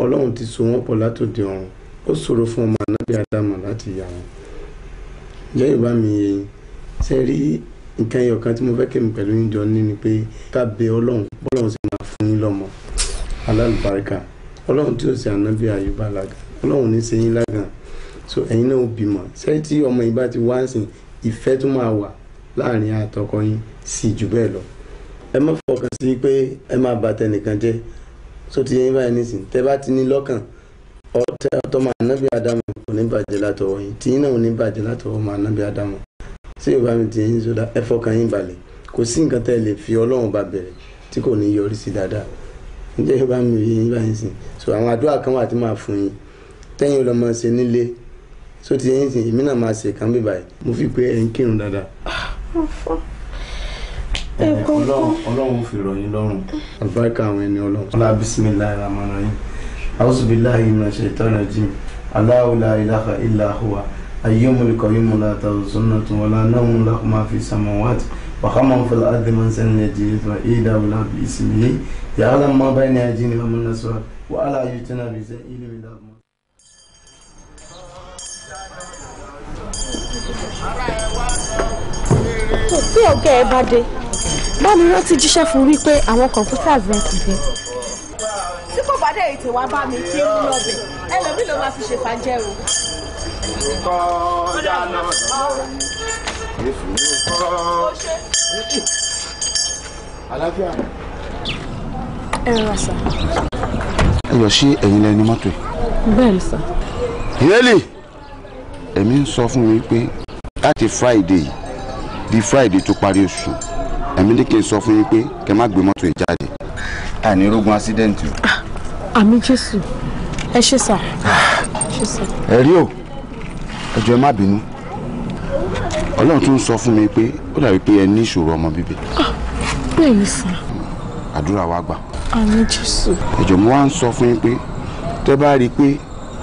ọlọ́run ti so wọ́n pọ̀ látòdì ọ̀run ó ṣòro fún ọmọ anábì ádámà láti yà wọn jẹ́ yorùbá mi yẹn ṣe rí nǹkan ẹyọ kan tí mo fẹ́ kẹ́mi pẹ̀lú yín jọ ní ni pé ká bẹ ọlọ́run bọ́lọ́run sì máa fún yín lọ́mọ alálùbáríkà ọlọ́run tí ò sí ànábì àyùbá làgà ọlọ́run ní ṣe yín so ẹ̀yin náà ó bímọ ṣé tí ọmọ yìí bá ti wá ń sìn ìfẹ́ tó máa wà láàrin àtọkọ yín sì jù bẹ́ẹ̀ lọ ẹ má fọkàn sí pé ẹ máa bà tẹnìkan jẹ́ so ti yẹn báyìí nísìn tẹ bá ti ní lọ́kàn ọtọ ọmọ ànábì àdámọ̀ oníbàjẹ́ látọwọ́ yín tí iná oníbàjẹ́ látọwọ́ máa nábì ádámù sí yorùbá mi ti yín sódà ẹ fọkàn yín balẹ̀ kò sí nǹkan tẹ́ ẹ lè fi ọlọ́run bá bẹ̀rẹ̀ tí kò ní yọrí sí dáadáa ǹjẹ́ yorùbá mi yìí yín báyìí sìn so àwọn àdúrà kan wà tí màá fún yín tẹ́yìn lọ máa ṣe nílé so ti yín sìn èmi náà máa ṣe kàn bí báyìí mo fi pé ẹ ń kírun dáadáa. ọlọ́run fi rọ̀ yín lọ́rùn. àbáríkà àwọn ẹni ọlọ́run. ọlá bisimilayi rahman rahim. auzubillahi minash shaitani rajim. Allahu la ilaha illa huwa ayyumul qayyum la tawzunnatu wa la nawm lahu ma fi samawati wa khamam fil ardi man san yajid wa ida wala bi ismihi ya'lam ma bayna yadayhi wa man naswa wa ala yutina bi zan ilmi la tí ọ̀gá ẹ bá dé bá mi rántí jíṣẹ́ fún wípé àwọn kọ̀ǹpútà rẹ ti dé dẹ̀ ètè wá bá mi tí ó mú lọ́bẹ̀ ẹlòmíì ló máa fi ṣe fàájẹ́ o. kọ́ dáná kọ́. àlàáfíà. ẹ rọra sà. ẹ jọ ṣé ẹ̀yin lẹni mọ́tò yìí. bẹ́ẹ̀ sà. ìrẹ́lì ẹ̀mí ń sọ fún mi pé láti friday di friday tó parí oṣù ẹ̀mí ní kí n sọ fún yín pé kẹ́ má gbé mọ́tò yìí jáde àìní rógun accident o. Ah, àmì jésù ẹ ṣe sà ẹ rí o ẹ jọ̀ọ́ ẹ má bínú ọlọ́run tún sọ fún mi pé ó dàbí pé ẹ ní ìṣòro ọmọ bíbí. Ah, bẹ́ẹ̀ ni sà. àdúrà wa gbà. àmì jésù. ẹ jọ̀ọ́ mo wá ń sọ fún yín pé tẹ́ bá rí i pé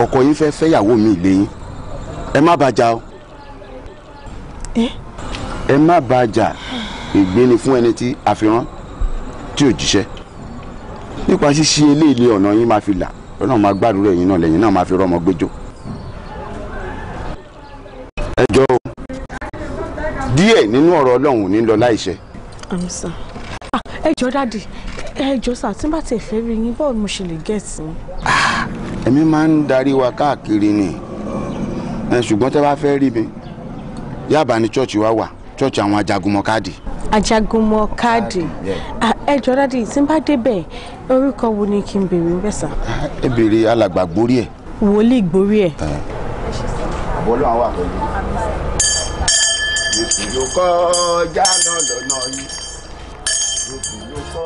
ọkọ yín fẹ́ fẹ́yàwó mi lẹ́yìn ẹ má bàa o. ẹ má bàa jà ègbé ni fún ẹni tí a fi rán tí ò jíṣẹ́ nípa ṣíṣe eléyìí ọ̀nà yín máa fi là ọ̀nà máa gbàdúrà ẹ̀yin náà lẹ́yìn náà máa fi rọ́mọ gbẹ́jọ́. ẹ jọ o díẹ̀ nínú ọ̀rọ̀ ọlọ́run ò ní lọ láìṣẹ. ẹ jọ dáàdì ẹ jọ sà tí n bá ti fẹ́ rí yín bọ́ọ̀ mo ṣe lè gẹ̀ẹ́sì. ẹ̀mí máa ń darí wa káàkiri ni ṣùgbọ́n tẹ́ bá fẹ́ rí mi yábà ni chọ́ọ̀chì wa wà chọ́ọ̀chì àwọn ajagunmọ̀kadì ajagunmọ káàdì ẹ jọ dáàdì tí n bá débẹ̀ orúkọ wo ni kí n béèrè bẹ́ẹ̀ sà. ẹ béèrè alàgbà gborí ẹ. wòlíì gborí ẹ. bọ́lú àwọn àpẹẹrẹ. èsì ló kọ́ já náà lọ́nà yìí. èsì ló kọ́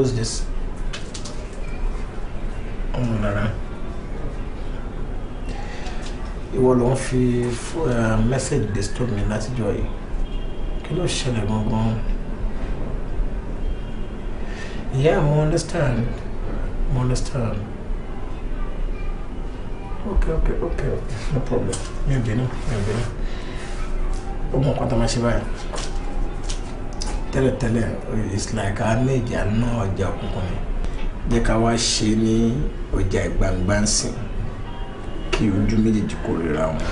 was this? ọmọ nana ìwọ ló ń fi eh, message disturb mi látijọ́ yìí kí ló ṣẹlẹ̀ gangan yeah mo understand mo understand okay okay okay no problem mi ò bínú mi ò bínú ó mọ nǹkan tó máa ṣe báyìí tẹ́lẹ̀tẹ́lẹ̀ it's like a ní ìjà náà ọjà òkùnkùn ni jẹ́ ká wá ṣe ní ọjà ìgbàǹgbà ń sìn kí ojú méjèèjì kò ríra wọn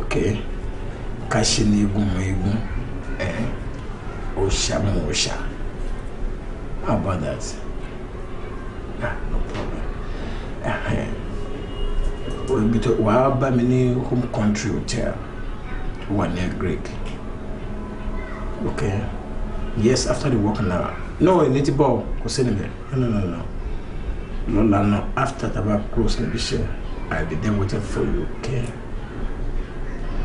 ok ká ṣe ní egun mọ egun òòṣà mọ òòṣà how about that nah, no problem ibi tó wàá bá mi ní home country hotel wà ní greek okay yes after the work na no ẹ ní ti bọ kò sí no, no no no lọ́la náà after taba close níbi iṣẹ́ I'll be there waiting for you okay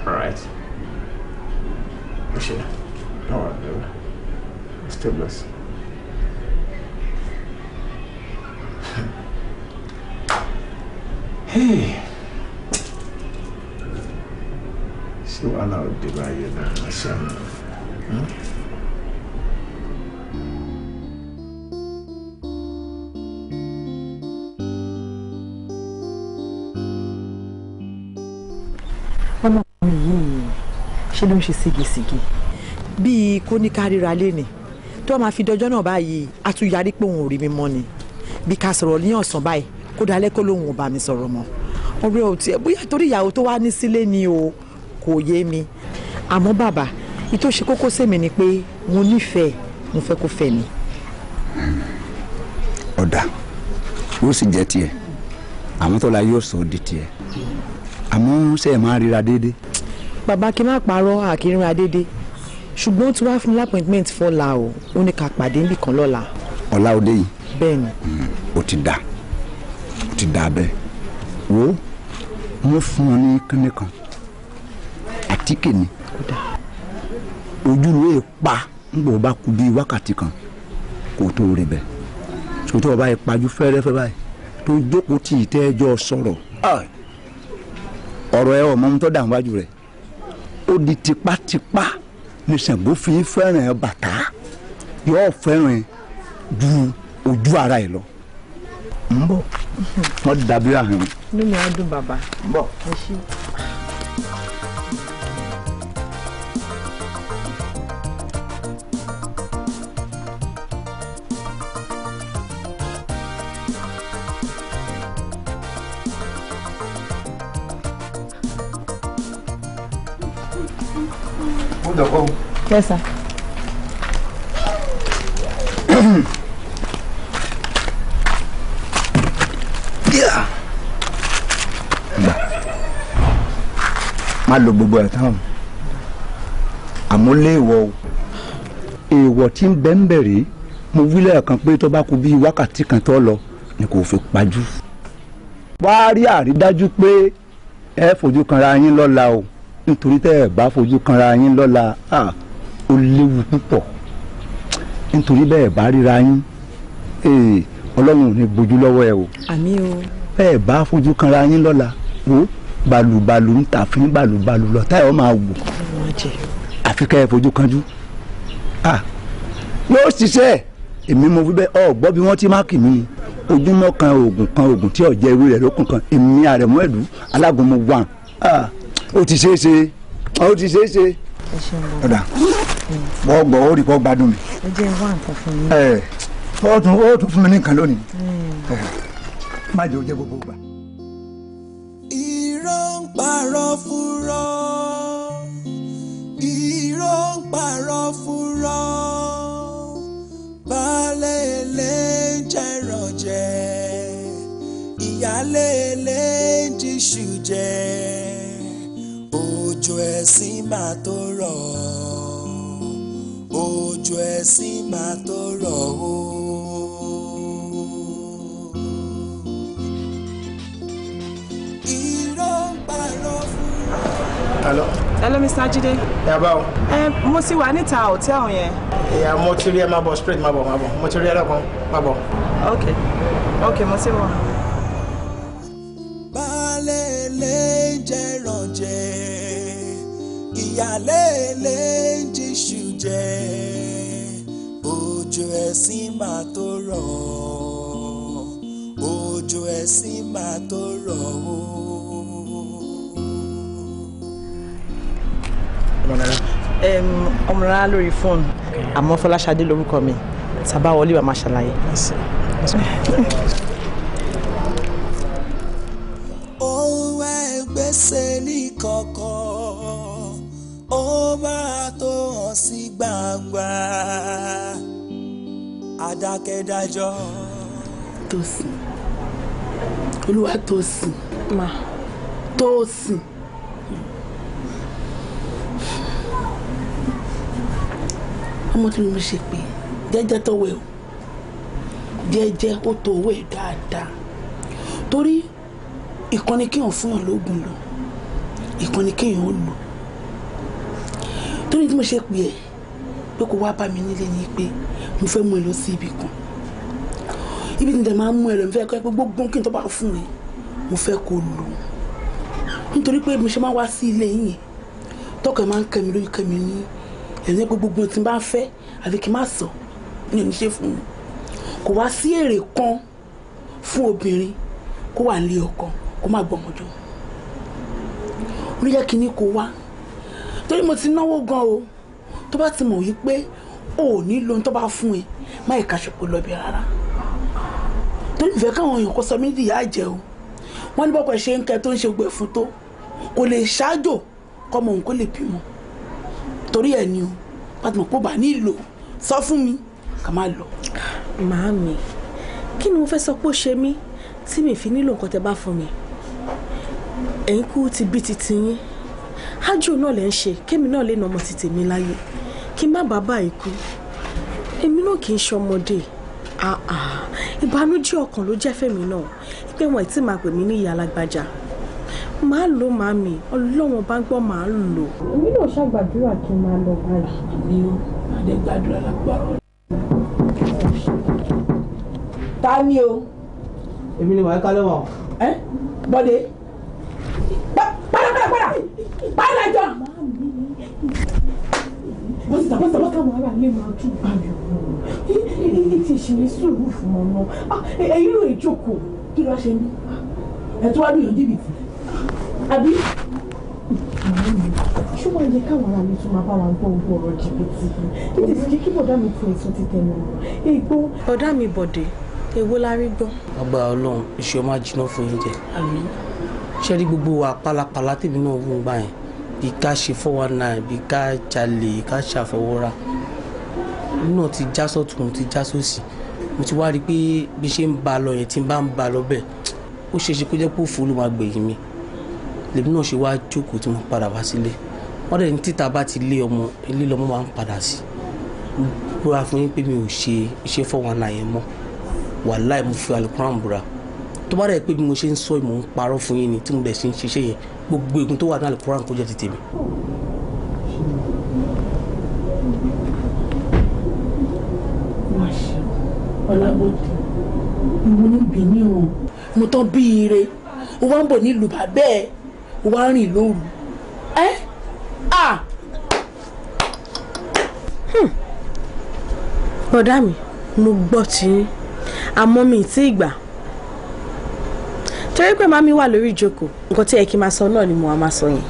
alright ọ̀ṣẹ́ ọ̀rọ̀ àdéhùn stay blessed. Hey. Ṣé wàhálà òde báyìí náà ṣe àná? ṣé ló ń ṣe ségesège. bíi kóníkà ríra lé ni tí wọ́n máa fi dọjọ́ náà báyìí a tún yarí pé òun ò rí mi mọ́ ni bí ká sọ̀rọ̀ ní ọ̀sán báyìí kó dalẹ́ kó lóun ò bá mi sọ̀rọ̀ mọ́ ọ̀rẹ́ ò tiẹ̀ bóyá torí ìyàwó tó wá ní sílé ni o kò yé mi àmọ́ bàbá ìtò ṣe kókó sèmi ni pé mo nífẹ̀ẹ́ mo fẹ́ kó fẹ́ mi. ọ̀dà yóò sì jẹ́ tiẹ̀ àwọn tó la yóò sọ di tiẹ̀ àmọ́ ṣe é máa ríra déédéé bàbá kí n má parọ́ àkírin adédè ṣùgbọ́n ó ti wá fún mi lápẹ̀ntmẹ́ǹtì fọ́la o ó ní ká pàdé níbì kan lọ́la. ọ̀la òde yìí. bẹ́ẹ̀ni. Hmm, ó ti dà ó ti dà bẹ́ẹ̀ wo mo fún ọ ní kíni kan àtíkè ni ojú ló yẹ pa nígbà wo bá ku bíi wákàtí kan kó tó rè bẹ́ẹ̀ sòtò ọba yìí pajú fẹ́rẹ́fẹ́ báyìí tó jókòó tì í tẹ́ ẹjọ́ sọ̀rọ̀ ọ̀rọ̀ ẹ ọmọ mi tó dà wájú rẹ̀ ó di tipátipá ní Ṣàngó fi fẹ́ràn bàtà yóò fẹ́ràn ju ojú ara ẹ̀ lọ ń bọ̀ wọ́n dàbí àhìn. nínú ọdún bàbá ń bọ̀ ẹ ṣí. Yes, sir. má lo gbogbo ẹ̀ tán àmọ́ lé ìwọ o èèwọ̀ tí ń bẹ́ ń bẹ̀rẹ̀ mo wí lẹ́ẹ̀kan pé tó bá kù bíi wákàtí kan tó lọ ni kò fi pajú. wá rí àrídájú pé ẹ fojú kanra yín lọ́la o nítorí tẹ́ ẹ bá fojú kanra yín lọ́la ah ó léwu púpọ̀ nítorí bẹ́ẹ̀ bá ríra yín eh, ọlọ́run ò ní bojú lọ́wọ́ ẹ o. àmín o. bẹ́ẹ̀ bá fojú kanra yín lọ́la wo balùbalù ń tà fún balùbalù lọ́tà ẹ̀ ọ́ máa wò àfi ká ẹ fojú kanjú yóò ṣiṣẹ́ èmi mo fi bẹ́ẹ̀ ọ gbọ́ bí wọ́n ti máa kì mí ojúmọ́ kan oògùn kan oògùn tí ọ̀jẹ̀ ewé rẹ̀ lókun kan èmi àrẹ̀mọ́ ẹ̀dú alágúnmu wà ó ti ṣeé ṣe ó ti ṣeé ṣe ọ̀dà gbọ́ hmm. ó kọ́ gbádùn mi. ẹ jẹ́ wá nǹkan fún mi. ẹ ó tún ó tún fún mi ní nǹkan lónìí. Hmm. má jẹ́ òjẹ́ gbogbo gbà. irọ́ ń parọ́ fúnrọ́ irọ́ ń parọ́ fúnrọ́ baálé ilé jẹ̀rọ̀ jẹ́ ìyálé ilé ti ṣù jẹ́ òjò ẹ̀sìn máa tó rọ̀ òjò ẹ̀sìn máa tó rọ̀ o. Hello. Hello, Mr. Jide. Ẹ bá o. Ẹ mo ti wà níta hòtẹ́ẹ̀lì yẹn. Ìyá mo ti rí ẹ máa bọ̀ straight máa bọ̀ máa bọ̀ mo ti rí ẹ lọ́kàn máa bọ̀. Ok, ok, mo ti wọ̀. lélẹ̀ ń jíṣu jẹ òjò ẹ̀sìn máa tó rọ̀ òjò ẹ̀sìn máa tó rọ̀ o. ọmọlára lórí fóònù àmọ́ Fọláṣadé lórúkọ mi tàbá wọlé wàá máa ṣàlàyé. àtijọ́. Tósìn olúwa Tósìn ma Tósìn. ọmọ tí mo ṣe pé jẹ́jẹ́ tó wẹ̀ o jẹ́jẹ́ ó tó owó ẹ̀ dáadáa torí ìkànnì kéèyàn fún yàn lóògùn lò ìkànnì kéèyàn ó lò torí tí mo ṣe pè ẹ́ pé kó wá bá mi nílé ni pé mo fẹ́ mú ẹ lọ sí ibì kan ibi tí n tẹ̀ máa ń mú ẹlòmí fẹ́ kọ́ pé gbogbo kí n tó bá fún mi mo fẹ́ kó lò nítorí pé mo ṣe máa wá sí ilé yìí tọkọ ẹ máa ń kẹmi lójú kẹmi ní ẹ̀yìn pé gbogbo tí n bá fẹ́ àfi kí n má sọ ní òní fún mi kò wá sí èrè kan fún obìnrin kó wà nílé ọkọ kó má gbọmọjọ oníjẹ kínní kò wá torí mo ti náwó gan o tó bá ti mọ̀ wípé o ò ní lo ohun tó bá fún ẹ má ìka lọ bí rárá torí ìfẹ́ káwọn èèyàn kọ́ sọ mí dìyà jẹ o wọ́n ní bọ́pọ̀ ṣe ń kẹ́ tó ń ṣe gbẹ̀ fún tó kò lè ṣáájò kọ́mọ òun kó lè bímọ torí ẹ̀ ni o pàtàkì pọ̀ bá nílò sọ fún mi ká má lọ. màámi kí ni mo fẹ́ sọ pé ó ṣe mí tí mi fi nílò nǹkan tẹ́ bá fún mi ẹ̀yin kú ti bí ti tiyín ájò náà lẹ́ ń ṣe kémi náà lè nà ọmọ ti tèmi láyé kí n má bàa bá ikú èmi náà kì í ṣọmọdé yìí ìbànújẹ́ ọkàn ló jẹ́ fẹ́mi náà pé wọn ti máa pè mí ní ìyá alágbájá màá lò màá mi ọlọ́wọ́n bá ń gbọ́ màá lò. èmi náà ṣàgbàdúrà kí n máa lọ báyìí. èmi ó adé gbàdúrà lágbára. ta ni o. èmi ni wàá kálẹ̀ wọn. ẹ bọ́dé. padà padà padà padà jọ. bọ́sítà bọ́sítà bọ́sítà wàhálà lè máa tún báyọ̀ eléyìí ti ṣe ní sùúrù fún ọ náà ah, ẹ̀yin ló ìjókòó kí ló ṣe ní ẹ̀tọ́ wá lóyún jìbìtì àbí. ṣé wọ́n yẹ káwọn ará mi tún máa bá wa gbọ́ ogun ọ̀rọ̀ jìbìtì kí ni ìsìnkí kí bọ̀dá mi tún èso ti tẹnu ìgbó. bọ̀dá mi bọ̀dé èwo la rí gbọ́. àgbà Ọlọ́run iṣu ọmọ ajiná fún yín jẹ ṣé rí gbogbo wa pálapàla tèmi náà wù ń gbà yẹn bí ká ṣe four one bí ká jalè ká ṣàfọwọ́ra náà ti já sọ́tún mo ti já sósì mo ti wá rí i pé bí ṣe ń ba lọ yẹn tí n bá ń ba lọ bẹ́ẹ̀ ó ṣeé ṣe kó jẹ́ pé òfò ló máa gbẹ̀yìn mi lèmi náà ṣe wá jókòó tí mo padà wá sílé wọ́n dẹ̀ ní títa bá ti lé ọmọ ilé lọ́mọ máa ń padà sí búra fún yín pé mi ò ṣe iṣẹ́ fọ́wọ́n náà yẹn mọ́ wàláì mo fi alukuran búra tó bá dẹ̀ pé bí mo ṣe ń sọ ìmọ̀ ń parọ́ fún yín ni tí mo dẹ̀ ṣe ń ṣiṣẹ́ yẹn gbogbo ègún tó wà ní alukuran kó jẹ́ ti tèmi. ọlábòdì ìwọ níbi ní o mo tán bí ire o wá ń bọ̀ nílùú bàbá ẹ o wá ń rìn lóru ẹ à. Hmm. bọ̀dá mi mo gbọ́ tí àmọ́ mi tí ì gbà torí pé màmí wà lórí ìjókòó nǹkan tí ẹ kí máa sọ náà ni mo wá máa sọ yẹn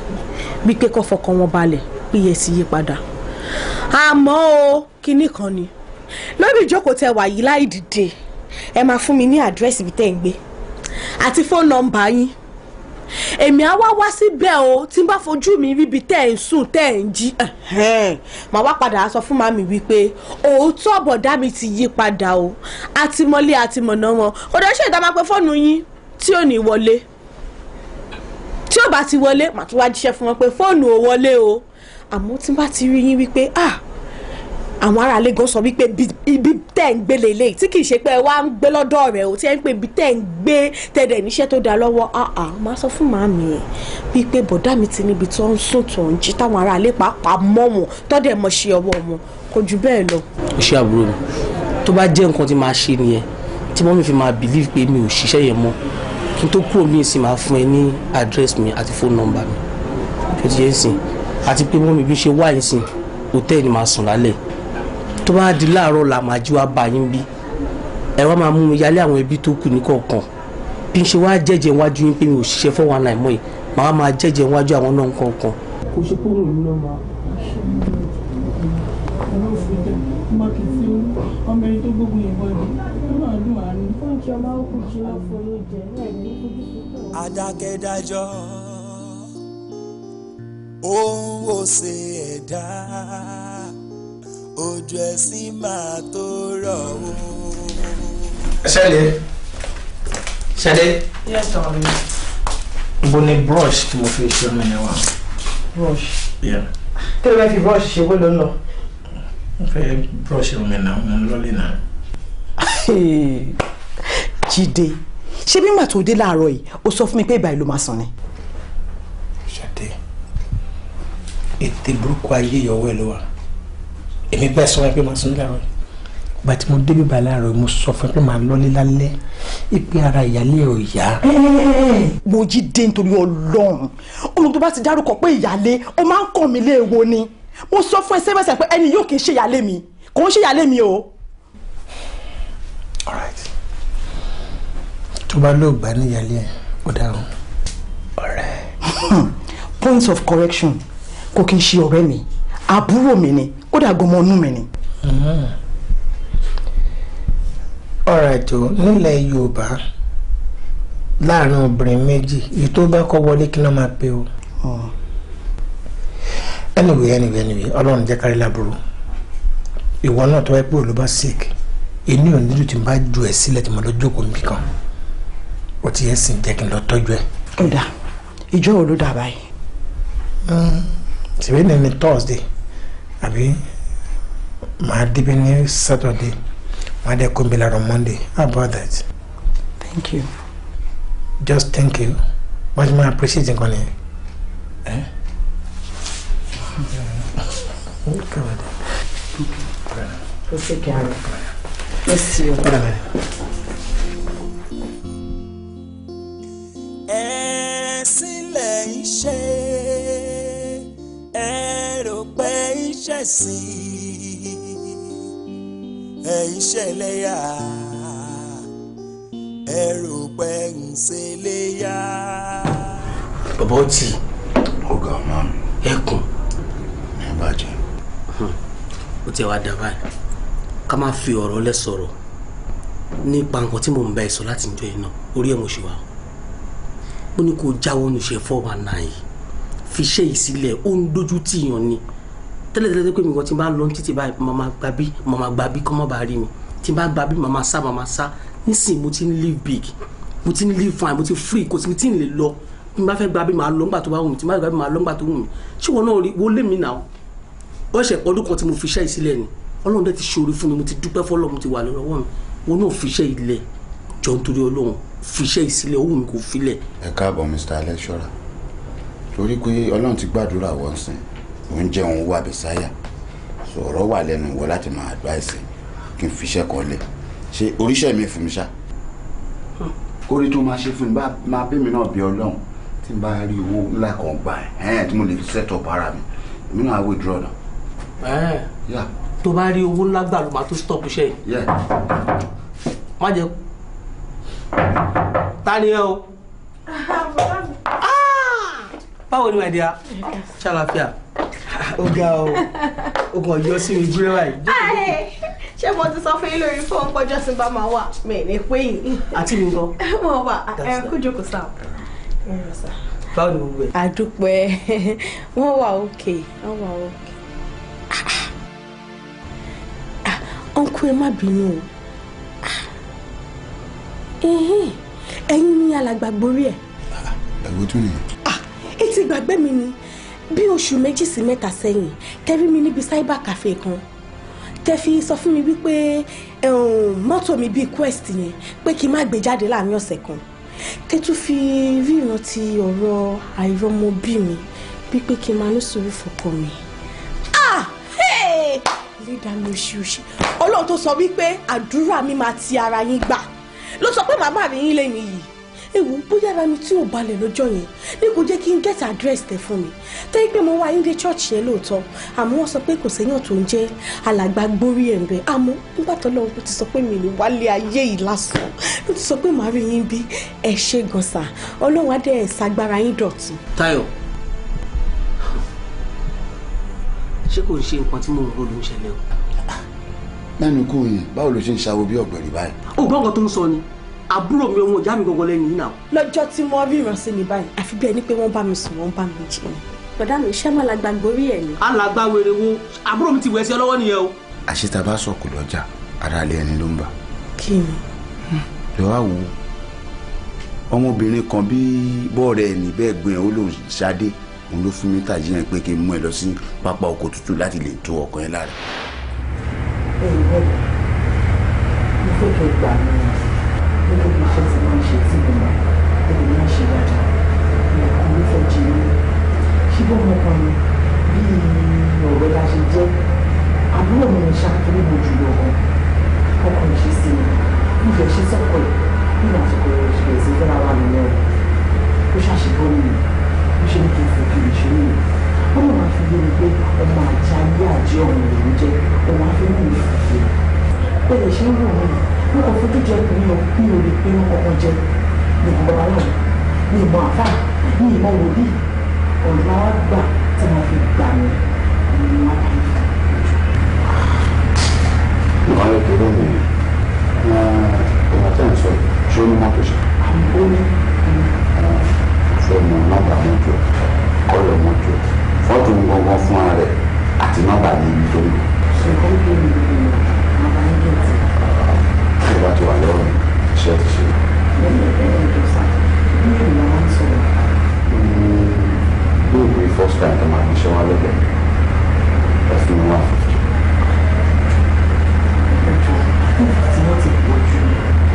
bí pé kó fọkàn wọn balẹ̀ iye ti yí padà àmọ́ o kinní kan ni lórí ìjókòó tẹ wà yìí láì dìde ẹ máa fún mi ní àdírẹ́sì ibi tẹ́ ń gbé àti fóònù nọ́mbà yín èmi á wá wá síbẹ̀ o tí n bá fojú mi ríbi tẹ́ ẹ̀ ń sùn tẹ́ ẹ̀ ń jí màá wá padà sọ fún màmí wípé òótọ́ bọ̀dá mi ti yí padà o àtìmọ́lé àtìmọ̀nà wọn kò dẹ́ ṣe ìdá máa pe fóònù yín tí ò ní wọlé tí ò bá ti wọlé màá tún wá jíṣẹ́ fún wọn pé fóònù ò wọlé o àmọ́ tí n bá ti rí yín wípé ah àwọn aráalé gan sọ wípé ibi tẹ́ ń gbé lélẹ̀ tí kì í ṣe pé ẹ wá ń gbé lọ́dọ̀ rẹ̀ o tí ẹ ń pè ibi tẹ́ ń gbé tẹ̀dẹ̀ níṣẹ́ tó dáa lọ́wọ́ àà máa sọ fún màmí ẹ̀ wípé bọ̀dá mi ti níbi tó ń sùn tó ń jí táwọn aráalé pàápàá mọ̀ wọn tọ́dẹ̀ mọ̀ ṣe ọwọ́ wọn kò jù bẹ́ẹ̀ lọ. ó ṣe àbúrò mi tó bá jẹ́ nǹkan tí máa ṣe nìyẹn tí mọ́mí fi máa bìlíìfù pé mi ò ṣiṣẹ́ yẹn mọ́ kí n tó kúrò ní ìsìn máa fún ẹ ní àdírẹ́sì mi àti fóònù nọ́mbà mi tó ti ń sìn àti pé mọ́mí bí ṣe wá ìsìn hòtẹ́ẹ̀lì máa sùn lálẹ́ tó bá di láàárọ̀ là máa jí wá yín bí ẹ wá máa mú mi yálé àwọn ẹbí tó kù ní kọ̀ọ̀kan bí n ṣe wá jẹ́jẹ́ wájú yín pé mi ò ṣiṣẹ́ fọ́ wọn láìmọ́ yìí màá máa jẹ́jẹ́ wájú àwọn náà kọ̀ọ̀kan. kò ṣe kó ròyìn lọ máa ṣe ló fi jẹ má kì ọmọ ẹni tó gbógun ìbọn ẹni tó náà dùn àánú. fúnkẹ́ ọmọ òkú ṣe wá fọlọ́ jẹ ẹ̀ ní kúkú tó kọ̀. adákẹ́dájọ́ òun ò ṣe ẹ̀dá ojú ẹ sì máa tó rọ̀ o. ṣẹlẹ ṣẹlẹ. yes darling. mo ní brush tí mo fi ṣe ọmọ yẹn wá. brush. kí ló fẹ́ fi brush ṣe wó ló ń lọ. mo fẹ́ brush irun mi náà mo ń lọ́lé náà. jíde ṣé bí màtó dé láàárọ̀ yìí ó sọ fún mi pé ìbà ìlú máa sàn ni. ṣàdé ètè burúkú ayé yọwọ́ ẹ ló wà èmi bẹ́ẹ̀ sọ wọn pé màá sùn láàárọ̀ ìgbà tí mo débi bá láàárọ̀ mo sọ fún ẹ pé màá lọ́lé lálẹ́ ìpín ara ìyálé ò yá. mo jí dé nítorí ọlọ́run olùkọ́ tó bá ti dárúkọ pé ìyálé ó máa ń kàn mí léèwo ni mo sọ fún ẹ sẹ́fẹ̀sẹ̀ pé ẹni yóò kì í ṣe ìyálé mi kò ń ṣe ìyálé mi o. all right tó bá lóò gbá ní ìyálé ẹ ó dáhùn ọ̀rẹ́. Hmm. point of correction kò kí n ṣe ọ̀rẹ́ mi àbúrò mi ni kódà gọmọ inú mi ni. alright o nílẹ̀ yorùbá láàrin obìnrin méjì èyí tó bá kọ́ wọlé kí ló máa pe o. anyway anyway anyway ọlọ́run jẹ́ kárí láburú ìwọ náà tó wáyé pé olú bá sick èmi ò nílò tí n bá ju ẹ̀ sílẹ̀ tí mo lọ jókòó mi kan o ti yẹ sì jẹ́ kí n lọ tọ́jú ẹ̀. ìjọ wo ló dà báyìí. tìrẹ́nì hmm, ni thursday. abi mardi is saturday My mardi kombi la monday how about that thank you just thank you much more appreciation, on Eh? Okay. Okay. Okay. ẹ̀sìn ẹ̀ ìṣẹ̀lẹ̀yà ẹ̀rù pẹ̀ ń ṣẹlẹ̀yà. bàbá ọtí. ọgá ọmọ mi. ẹkùn. ní ìbàjẹ́. ó ti wá dábàá ká má fi ọ̀rọ̀ lẹ sọ̀rọ̀ nípa nǹkan tí mò ń bá ẹ sọ láti jọ yìí náà orí ẹ̀ mo ṣe wà ó ní kó jáwọ́ nu fọ́ wa náà yìí fi ṣe ìsílẹ̀ ó ń dojú tìyàn ni tẹ́lẹ̀ tẹ́lẹ̀ pé mi gan tí n bá lọ títí báyìí màmá gba bí màmá gba bí kọ́mọ́ bá rí mi tí n bá gba bí màmá sá màmá sá nísìnyí mo ti ń live big mo ti ń live fine mo ti free kò sí mi tí n lè lọ bí n bá fẹ́ gba bí màá lọ ńgbà tó bá wù mí tí bá gba bí màá lọ ńgbà tó wù mí ṣé wọn náà rí wo lé mi náà ó ṣe ọdún kan tí mo fi iṣẹ́ yìí sílẹ̀ ni ọlọ́run dẹ̀ ti ṣoore fún mi mo ti dúpẹ́ fọlọ́ mo ti wà lọ́wọ́ mi wọn náà fi iṣẹ́ yìí lẹ̀ jọ nítorí Mr. lecturer torí pé ọlọ́run ti gbàdúrà wọ́n sìn oúnjẹ òun wà bẹ̀sáyà sọ̀rọ̀ wà lẹ́nu ìwọ láti máa advice kí n fiṣẹ́ kan lẹ̀ ṣe oríṣẹ́ mi fún mi ṣá. orí tó máa ṣe fún mi bá máa bí mi náà bí ọlọ́run tí n bá rí owó ńlá kan gbà ẹ̀ tí mo lè fi set up ara mi èmi náà á withdraw náà. tó bá rí owó ńlá gbà ló máa tó stop iṣẹ́ yìí. má jẹ ta ni ẹ o. Ah, ah! báwo ni wàá di a ṣàlàfíà ó ga ọ ó kàn yọ sí ojú rẹ báyìí. ṣé mo ti sọ fún yín lórí fóònù pọ́jọ́ sí bá máa wà mí ní pé yìí. àti mi gan. mo wà ẹ kú jókòó sáà báwo ni gbogbo ẹ. àdúpẹ́ wọ́n wà òkè wọ́n wà òkè. ọ̀nkú ah, ẹ má bínú o ah, ẹ̀yin ni alàgbà gborí ẹ̀. gbàgbé ah, tún nìyẹn. etí gbàgbé mi ni bí oṣù méjì sí mẹ́ta sẹ́yìn tẹ́rí mi níbi cyber cafe kan tẹ́ fi sọ fún mi wípé mọ́tò mi bíi quest yẹn pé kí n má gbé jáde láàrin ọ̀sẹ̀ kan tẹ́ tún fi ríran ti ọ̀rọ̀ àìrọ́mọbí mi bíi pé kí n máa ní sùúrù fọkọ mi. ah hey! lédà mi oṣooṣi ọlọ́run tó sọ wípé àdúrà mi máa ti ara yín gbà ló sọ pé màmá mi yín lẹ́yìn yìí ewu bóyá ara mi tí ò balẹ̀ lọ́jọ́ yẹn ní kò jẹ́ kí n get address tẹ̀ fún mi tẹ́yí pé mo wá ayé church yẹn lóòótọ́ àmọ́ wọ́n sọ pé kò séyàn tó ń jẹ́ alàgbà gbórí ẹ̀ ń bẹ àmọ́ nígbà tó lọ́wọ́ kó ti sọ pé mi ní wálé ayé yìí lásán ló ti sọ pé màá rí yín bí ẹ ṣe gànsà ọlọ́run adé ẹ̀ sagbára yín dọ̀tí. Táyọ̀ ṣé kò ń ṣe nǹkan tí mo rò ló ń ṣẹlẹ̀ o. lẹ́nu kú yìí báwo ló ṣe ń ṣàwo bí ọ̀gbẹ̀rì báyìí. ò gbọ́ tó ń sọ ni àbúrò mi ọmọ ìyá mi gangan lẹ́nu yìí náà. lọ́jọ́ tí wọ́n rí ìrànṣẹ́ mi báyìí àfi bí ẹni pé wọ́n bá mi sùn wọ́n bá mi jẹun. bọ̀dá mi iṣẹ́ máa lágbá gborí ẹ̀ ni. alàgbà wèrè wo àbúrò mi ti wẹ̀ sí ọ lọ́wọ́ nìyẹn o. àṣetà bá sọ̀kò lọ́jà ara alẹ́ ẹni ló ń bà. kí ni. lọ́wọ́ wo ọmọbìnrin kan bí bọ́ọ̀rẹ́ ẹ̀ ní bẹ́ẹ̀ gbin ẹ̀ ó lòun ṣadé òun ló fún mi tàjí yẹn pé kí n mú ẹ lọ sí pápá ọkọ̀ tútù láti lè tó ọkàn yẹn lára. ẹ ẹ bọ́ọ̀lù mo fẹ́ kí n gbà mí gẹ́gẹ́ bí iṣẹ́ tí wọ́n ń ṣe tí ìgbìmọ̀ ẹ̀rọ náà ṣe dáadáa ìyàkùn ló fẹ́ jẹ mí ṣùgbọ́n mo kàn ní bí ọ̀rẹ́ la ṣe jẹ́ àbúrò mi ń ṣàkíní mo jù lọ gan ọkàn ṣe sí mi mo fẹ́ ṣe sọ́kọ̀ ẹ̀ nígbà tí kò rẹ̀ ṣe sí fẹ́ra wa nìyẹn ó ṣàṣìbọ́ mi ó ṣe ní kí n fojú ìṣòro mi ó lè máa fi pé lè ṣe ń wò mí mo kàn fojú jẹ ọkùnrin o mi ò lè pe wọn kọkàn jẹ mi ìmọ̀ ọlọ́run mi ìmọ̀ àfà mi ìmọ̀ wòlíì ọ̀nà wa gbà tí wọ́n fi gbà mí ní wọn bá yí. ìwádìí tó ló ń bèèrè na ìwà tí à sọ ṣé ó ní mọ́tò ṣe. àbúrò ní fọ́ọ̀mù nọ́mbà mọ́tò kọ́lọ̀ mọ́tò fọ́tò ń gbọ́ngàn fún ara rẹ̀ àti nọ́mbà ní ibi tó ń lò. ṣùgbọ́n kí ni ìgbìmọ̀ àbáyé tó bá ti wà lọ́rùn iṣẹ́ ti ṣe. bí ìwé first time tó máa fi ṣe wá lọ́gbẹ̀ẹ́ ẹ̀sìn ní wà fún mi. tí wọ́n ti pọ̀ jù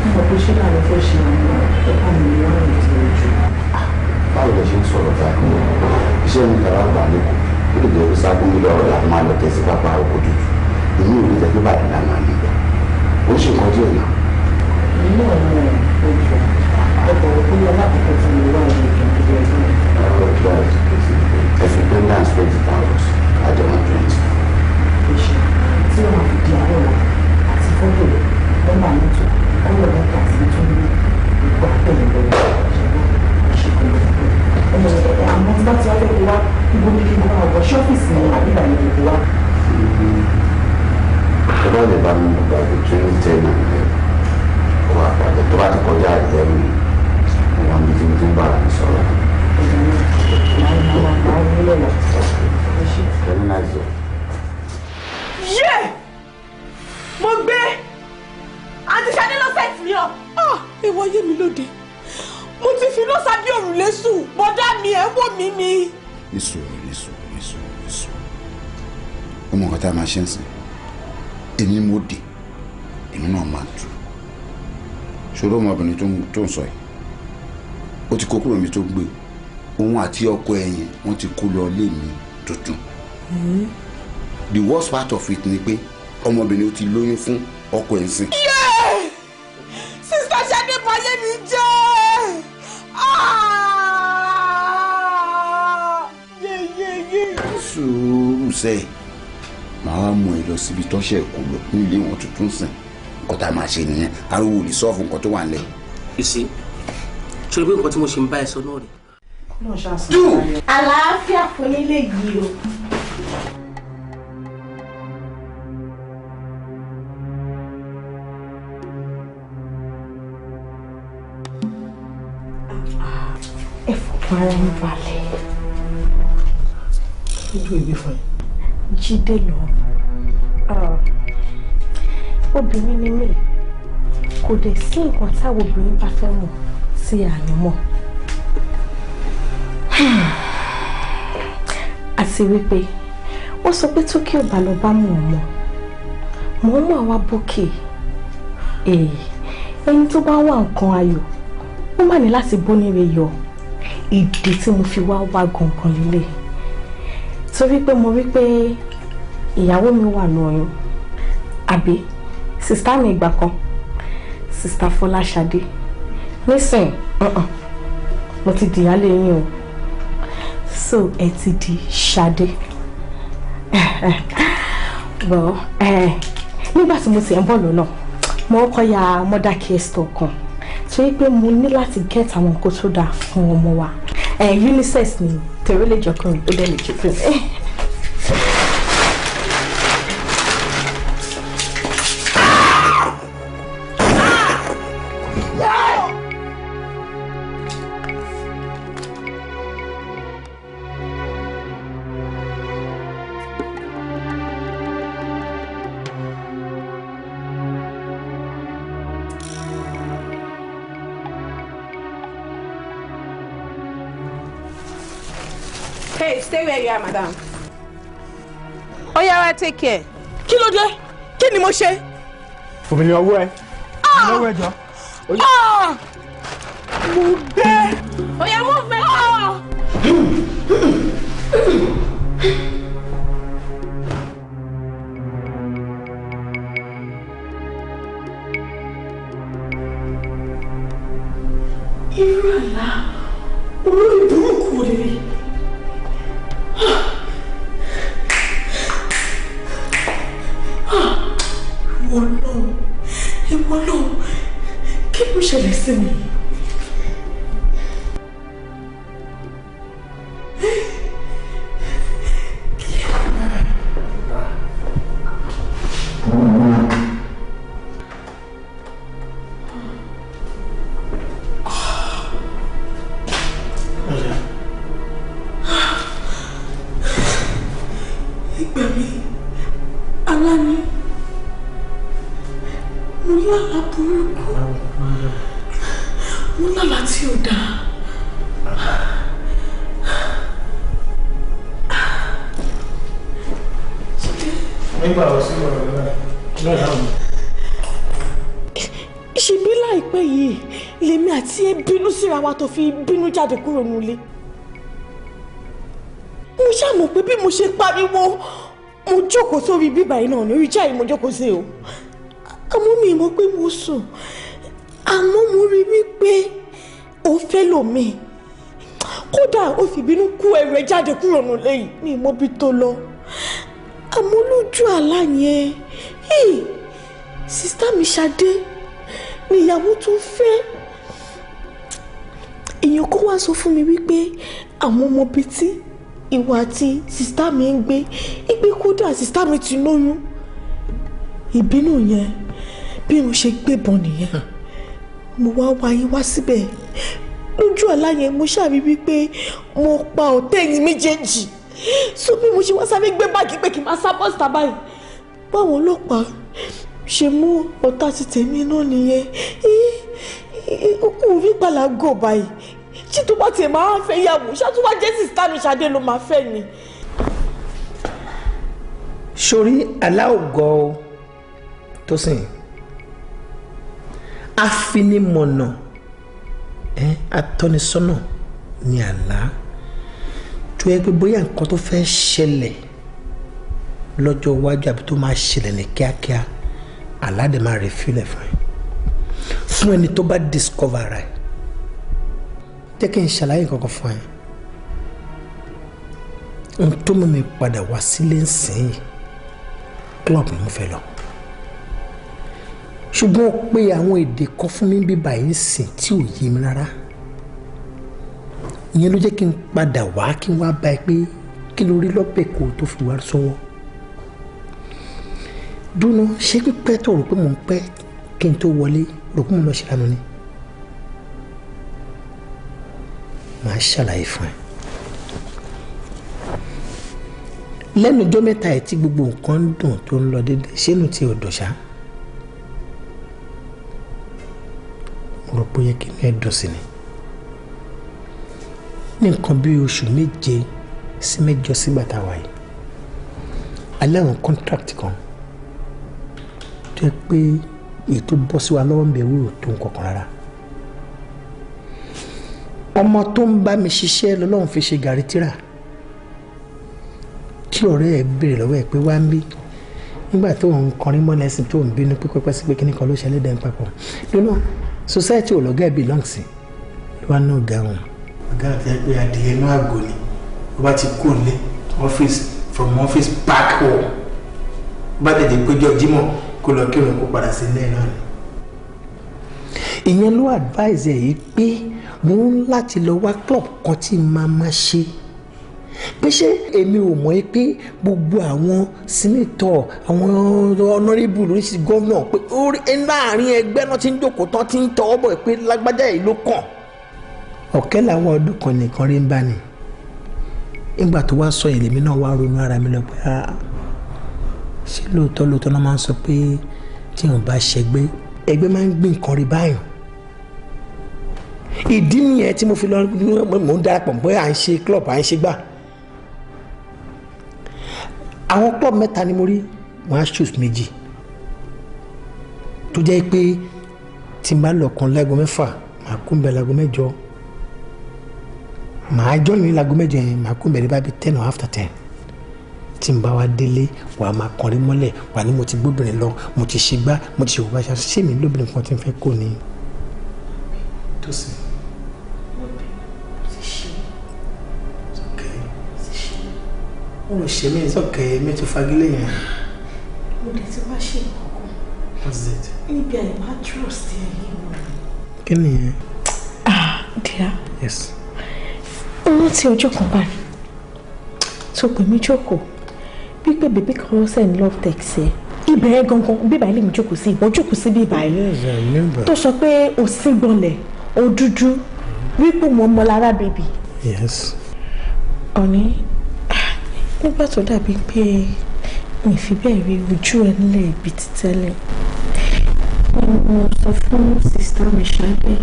nígbà tó ṣé láàrín fẹ́ ṣe àwọn ẹ̀ka mìíràn ti pọ̀ jù. báwo lè ṣe ń sọ̀rọ̀ ta kí iṣẹ́ mi kàrà àgbà lẹ́kọ̀ọ́ ó lè jẹ́ sábúrú lọ́rọ̀ làwọn máa lọ tẹ̀sí pápá ọkọ̀ dúdú ìmí ìrètí pé bàdàn náà máa nígbà ó ṣe nǹkan díẹ̀ náà. inú ọ̀nà ojú ọkọ̀ òkúlé alákòókò ti lè wá ìwé ìkẹ́kẹ́ ẹgbẹ́. ẹ̀sìn pendant twenty thousand àjọmọ̀ twenty. ìṣe tí wọn fi di àárọ̀ àti fọ́tò lọ́mọ àlejò ọlọ́ọ̀dẹ́ta sí tó ń bí. ó mọ nǹkan tá a máa ṣe ń sìn èmi mo dè èmi náà máa tù ṣòro ọmọbìnrin tó ń sọ yìí ó ti kó kúrò mi tó gbé òun àti ọkọ ẹ̀yìn wọ́n ti kó lọ ilé mi tuntun hmm. the worst part of it ni pé ọmọbìnrin ó ti lóyún fún ọkọ ẹ̀ ń sìn. sista màá wá mú ẹ lọ síbi tọ́ṣẹ̀ kò lọ ní ilé wọn tuntun sìn nǹkan tá a máa ṣe nìyẹn ariwo ò lè sọ fún nǹkan tó wà ń lẹ. ìsì ṣe pé nǹkan tí mo ṣe ń bá ẹ sọ náà rè. àlàáfíà fún yín lè yí o. ẹ fọkàn ara yín balẹ̀. ojú ìwé fún yín jíde lọ ah, obìnrin ni mí kò dẹ̀ sí nǹkan táwọn obìnrin bá fẹ́ mọ̀ sí àná mọ̀ àti wípé wọ́n sọ pé tókè ọba lọ bá mọ̀ ọmọ mọ̀ ọmọ àwa bókè ẹni tó bá wà nǹkan ayọ̀ ó mà ní láti bóníre yọ ìdí tí mo fi wá wá gangan lélẹ̀ torí pé mo rí pé ìyàwó mi wà ní oyún àbí sista mi ìgbà kan sista Fọláṣadé nísìn uh-uh, mo ti dìyálé yín o so ẹ ti di Ṣadé well nígbà tí mo ti ń bọ̀ lọ́nà mo kọ́ ya mother care store kan torí pé mo ní láti get àwọn nǹkan tó dáa fún ọmọ wa UNICEF ni tèrè lè jọkùnrin ó dẹ̀ lè jọkùnrin. care madam. ó yá wá take care. kí ló dé kí ni mo ṣe. obìnrin ọwọ́ ẹ. Ah! ọwọ́ ẹ ah! mo bẹ́ẹ̀. jáde kúrò nílé mo ṣàmọ̀ pé bí mo ṣe pariwo mo jókòó sórí bíbá yìí ní orí jáì mo jókòó sí o àmọ́ mi mọ̀ pé mo sùn àmọ́ mo rí wípé ó fẹ́ lòmíì kódà ó fìbínú kú ẹrù ẹ jáde kúrò nílé yìí mi mọ̀ bí tó lọ àmọ́ lójú àlá yẹn sísítà mi ṣadé níyàwó tó fẹ́ èèyàn kó wá sọ fún mi wípé àwọn ọmọ bíi tí ìwà àti sista mi ń gbé igbe kódà sista mi ti lóyún ìbínú yẹn bí mo ṣe gbébọn nìyẹn mo wá wáyé wá síbẹ̀ lójú àlá yẹn mo ṣàrí wípé mo pa ọ̀tẹ́ ẹ̀yìn méjèèjì so bí mo ṣe wá sáré gbé báàgì pé kí n máa sá bọ́ọ̀sì tábàyì báwọn ọlọ́pàá ṣe mú ọ̀tá ti tèmi náà nìyẹn òun mi gbàlá gò báyìí ṣé tó bá tiẹ̀ máa fẹ́ yàwó ṣáàtú wá jẹ́ sísá mi ṣadé ló máa fẹ́ ni. sori aláògọ tó sìn afinimọ̀nà eh, atọ́nisọ́nà ni àlá tó yẹ pé bóyá nǹkan tó fẹ́ ṣẹlẹ̀ lọ́jọ́ iwájú àbí tó máa ṣẹlẹ̀ ní kíákíá. Kia aládé máa rè fílẹ̀ fún ẹ fún ẹni tó bá discover rẹ jẹ́ kí n ṣàlàyé kankan fún ẹ ohun tó mú mi padà wá sílé nsìn yìí club ni mo fẹ́ lọ ṣùgbọ́n ó pe àwọn èdè kan fún mi bí báyìí sìn tí ò yé mi rárá ìyẹn ló jẹ́ kí n padà wá kí n wá bá pé kí ló lọ́bẹ̀ kó tó fi wá sọ́wọ́. So dúnú ṣé pípẹ́ tó rò pé mò ń pẹ́ kí n tó wọlé rò pé mò ń lọ ṣèlànà ni. màá ṣàlàyé fún ẹ. lẹ́nu ọjọ́ mẹ́ta ẹ̀ tí gbogbo nǹkan ń dùn tó ń lọ déédéé ṣéènù tí ò dùn ṣá. mo rò pé ó yẹ kí inú ẹ dùn sí ni. ní nǹkan bíi oṣù méje sí mẹ́jọ sígbà tá a wà yìí aláwọn kọ́ńtrákìtì kan jẹ́ pé èyí tó bọ́ sí wa lọ́wọ́ ń bẹ̀ wúrò tó nǹkan kan rárá ọmọ tó ń bá mi ṣiṣẹ́ lọ́lọ́run fi ṣe gàrí tíra kí ọ̀rẹ́ ẹ̀ béèrè lọ́wọ́ ẹ̀ pé wá ń bí nígbà tó ń kọrin mọ́ lẹ́sìn tó ń bínú pípẹ́pẹ́ sí pé kíní kan ló ṣẹlẹ̀ dẹ́n papọ̀ lónà society ọ̀lọ́gá ẹ̀ belong sí ló wá náà ga wọn. ọ̀gá àti ẹgbẹ́ adìyẹ inú àgọ́ ni ó bá ti kó lé office from office back home ó bá tètè péjọ jímọ̀ kó lọ kí òun kó padà sí ilé náà ni. ìyẹn ló advise ẹ̀ yìí pé mo ń láti lọ wá club kan tí màá máa ṣe pé ṣé èmi ò mọ̀ ẹ́ pé gbogbo àwọn sínétọ̀ àwọn ọ̀nàrẹ́bù lóríṣi gómìnà pé láàrin ẹgbẹ́ náà ti ń jókòó tán ti ń tọwọ́ bọ̀ pé lágbájá yìí ló kàn. ọ̀kẹ́ làwọn ọdún kan nìkan rí ń bá ní ìgbà tó wá sọ èlèmí náà wá ronú ara mi lọ pé ah, ṣé lóòótọ́ lóòótọ́ náà máa ń sọ pé tí wọn bá ṣẹgbẹ́ ẹgbẹ́ máa ń gbé nǹkan rí báyìí ìdí nìyẹn tí mo fi lọ mò ń darapọ̀ pé à ń ṣe club à ń ṣe gbà àwọn club mẹ́ta ni mo rí wọ́n á choose méjì tó jẹ́ pé tí n bá lọ kàn láago mẹ́fà màá kún bẹ̀ láago mẹ́jọ màá jọ́yìn láago mẹ́jọ yẹn màá kún bẹ̀ ní bá bi ten or after ten tí n bá wa délé wà á máa kọrin mọ́lẹ̀ wà ní mo ti gbóbìnrin lọ mo ti ṣe gbá mo ti ṣe òwúwa ṣáṣá ṣé mi lóbìnrin kan ti fẹ́ kó ni. Tosin ó ń ṣe mí it's okay mi ti fagilé yẹn. mo dẹ̀ ti wá ṣe ìkọ̀kọ̀. what's it. níbi àìbá trust ẹ yìí mọ̀. kí ni yẹn. ah dear. yes. ó rántí ọjọ́ kan báyìí tó pè mí jókòó bí pé bèbí kan send love text ẹ ibẹ̀ gangan bíbá ilé mi jókòó sí ìbọn jókòó sí bíbá ẹ tó sọ pé o sígbọnlẹ̀ o dúdú wípé mo mọ lára bèbí. yes. ọ̀ní ah, nígbà tó dàbí pé mi fi bẹ́ẹ̀ rí ojú ẹ nílẹ̀ ibi títẹ́lẹ̀ mo sọ fún sista mi ṣáájú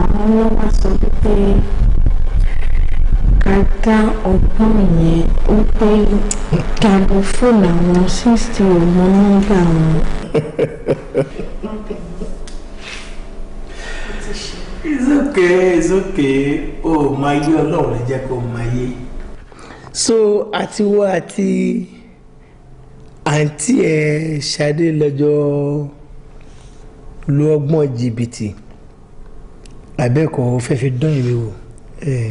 àwọn ọlọ́wà sọ pé ká dá ọgbọ́n yẹn ó pé ìtàbọ̀ fóònù àwọn sísè ọmọ nígbà wọn. it's okay it's okay o oh, máa yé ọlọ́run rẹ jẹ́ kó máa yé. so àtiwọ́ àti àǹtí ẹ̀ ṣadé lọ́jọ́ lo ọgbọ́n jìbìtì àbẹ́ẹ̀kọ́ fẹ́ fi dán ìwé wò. Eh,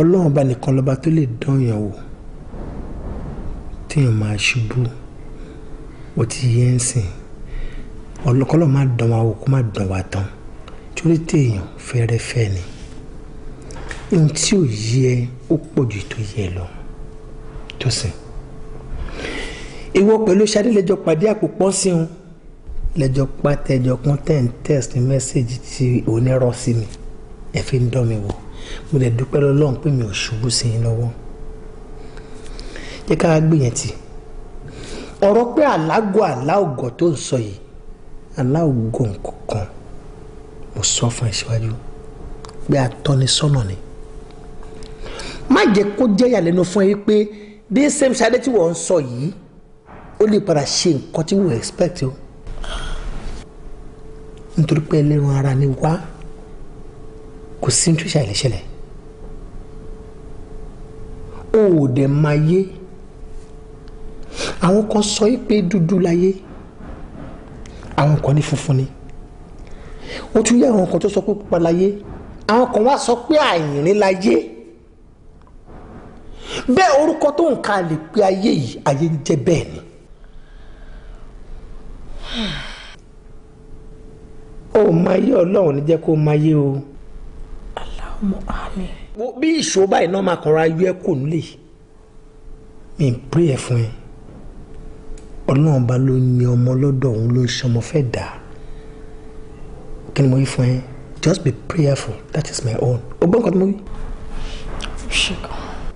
ọlọ́run bá nìkan lọ́ba tó lè dán yàn wò téèyàn máa ṣubú ó ti yé ń sìn ọlọ́kọ́lọ́ máa dán wa wò kó má dán wa tán torí téèyàn fẹ́rẹ́fẹ́ ni ohun tí ò yẹ ó pọ̀ ju tó yẹ lọ tó sìn ìwọ pẹ̀lú Ṣadé lẹ́jọ́ pàdé àpòpọ̀ sí un lẹ́jọ́ pàtẹ́jọ́ kún tẹ̀ ń tẹ̀sí mẹ́sẹ̀gì sí mi ẹ fi ń dán mi wò mo dẹ̀ dúpẹ́ lọ́lọ́run pé mi ò ṣubú sí yín lọ́wọ́ jẹ́ ká gbé yẹn tì ọ̀rọ̀ pé alágọ̀ aláògọ̀ tó ń sọ yìí aláògọ̀ nǹkan mo sọ fún ẹ síwájú pé atọ́nisọ́nà ni má jẹ́ kó jẹ́ ìyàlẹ́nu fún ẹ pé bí same Ṣadé tí wọ́n ń sọ yìí ó lè padà ṣe nǹkan tí wọ́n expect o nítorí pé ẹlẹ́ran ara ni wá kò sí tó ṣàlẹ̀ ṣẹlẹ̀ o ò dẹ̀ máa yé àwọn kan sọ yìí pé dúdú láyé àwọn kan ní funfun ni o tún yẹ àwọn kan tó sọ pé pupa láyé àwọn kan wá sọ pé àyìnrín láyé bẹ́ẹ̀ orúkọ tó ń ka lè pe ayé yìí ayé ń jẹ́ bẹ́ẹ̀ ni. ó máa yé ọlọ́run ní jẹ́ kó máa yé o àmọ́ bí ìṣó báyìí náà máa kanra yú ẹ kò nílé mi ń fún ẹ ọlọ́run bá ló ní ọmọ lọ́dọ̀ òun ló ń ṣọmọ fẹ́ dà kí ni mo yí fún ẹ just be prayerful that is my own o gbọ́ nǹkan tó mo wí.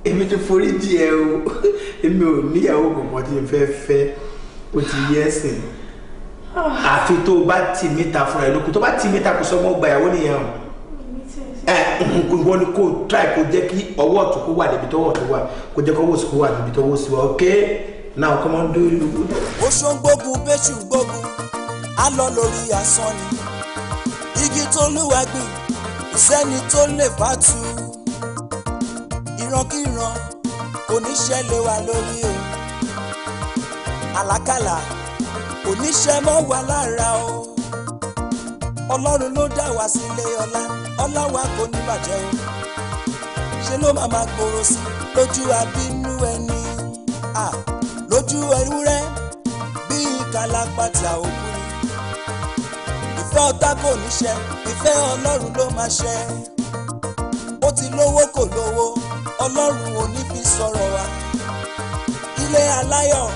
èmi ti forí di ẹ o èmi ò níyàwó kankan tí n fẹ́ fẹ́ o ti yẹ ẹsìn ah. àfi tó o bá ti mí ta fúnra ẹ lókun tó o bá ti mí ta kò sọ gbàyàwó nìyẹn o. ngoni ko try ko je ki owo to ko wa debi to owo to wa ko je ko wo si ko wa debi to wo si wa okay now come on do you o so gbogbo be gbogbo a lo lori asan ni igi to luwa gbin ise ni to le patu iran ki ko ni le wa lori o alakala ko mo wa lara o. ọlọ́run ló dá wa sílé ọlá ọlá wa kò ní bàjẹ́ o ṣe ló máa máa gbòòrò sí lójú abínú ẹni à lójú ewúrẹ́ bí kàlápàtà òkú ìfẹ́ ọ̀tá kò ní ṣẹ ìfẹ́ ọlọ́run ló máa ṣẹ ó ti lówó kò lówó ọlọ́run ò ní fi sọ̀rọ̀ wa ilé aláyọ̀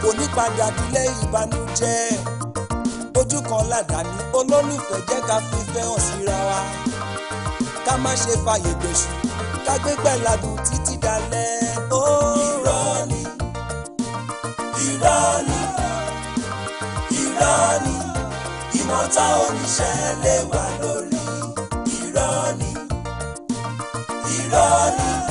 kò ní padà dílé ìbànújẹ́ ojú kan ládàáni olólùfẹ́ jẹ́ ká fífẹ́ hàn síra wa ká má ṣe fàyè gbèsù ká gbé pẹ̀lábù títí dalẹ̀ irọ́ ni irọ́ ni irọ́ ni ìmọ̀ta oníṣẹ́ lè wà lórí irọ́ ni irọ́ ni.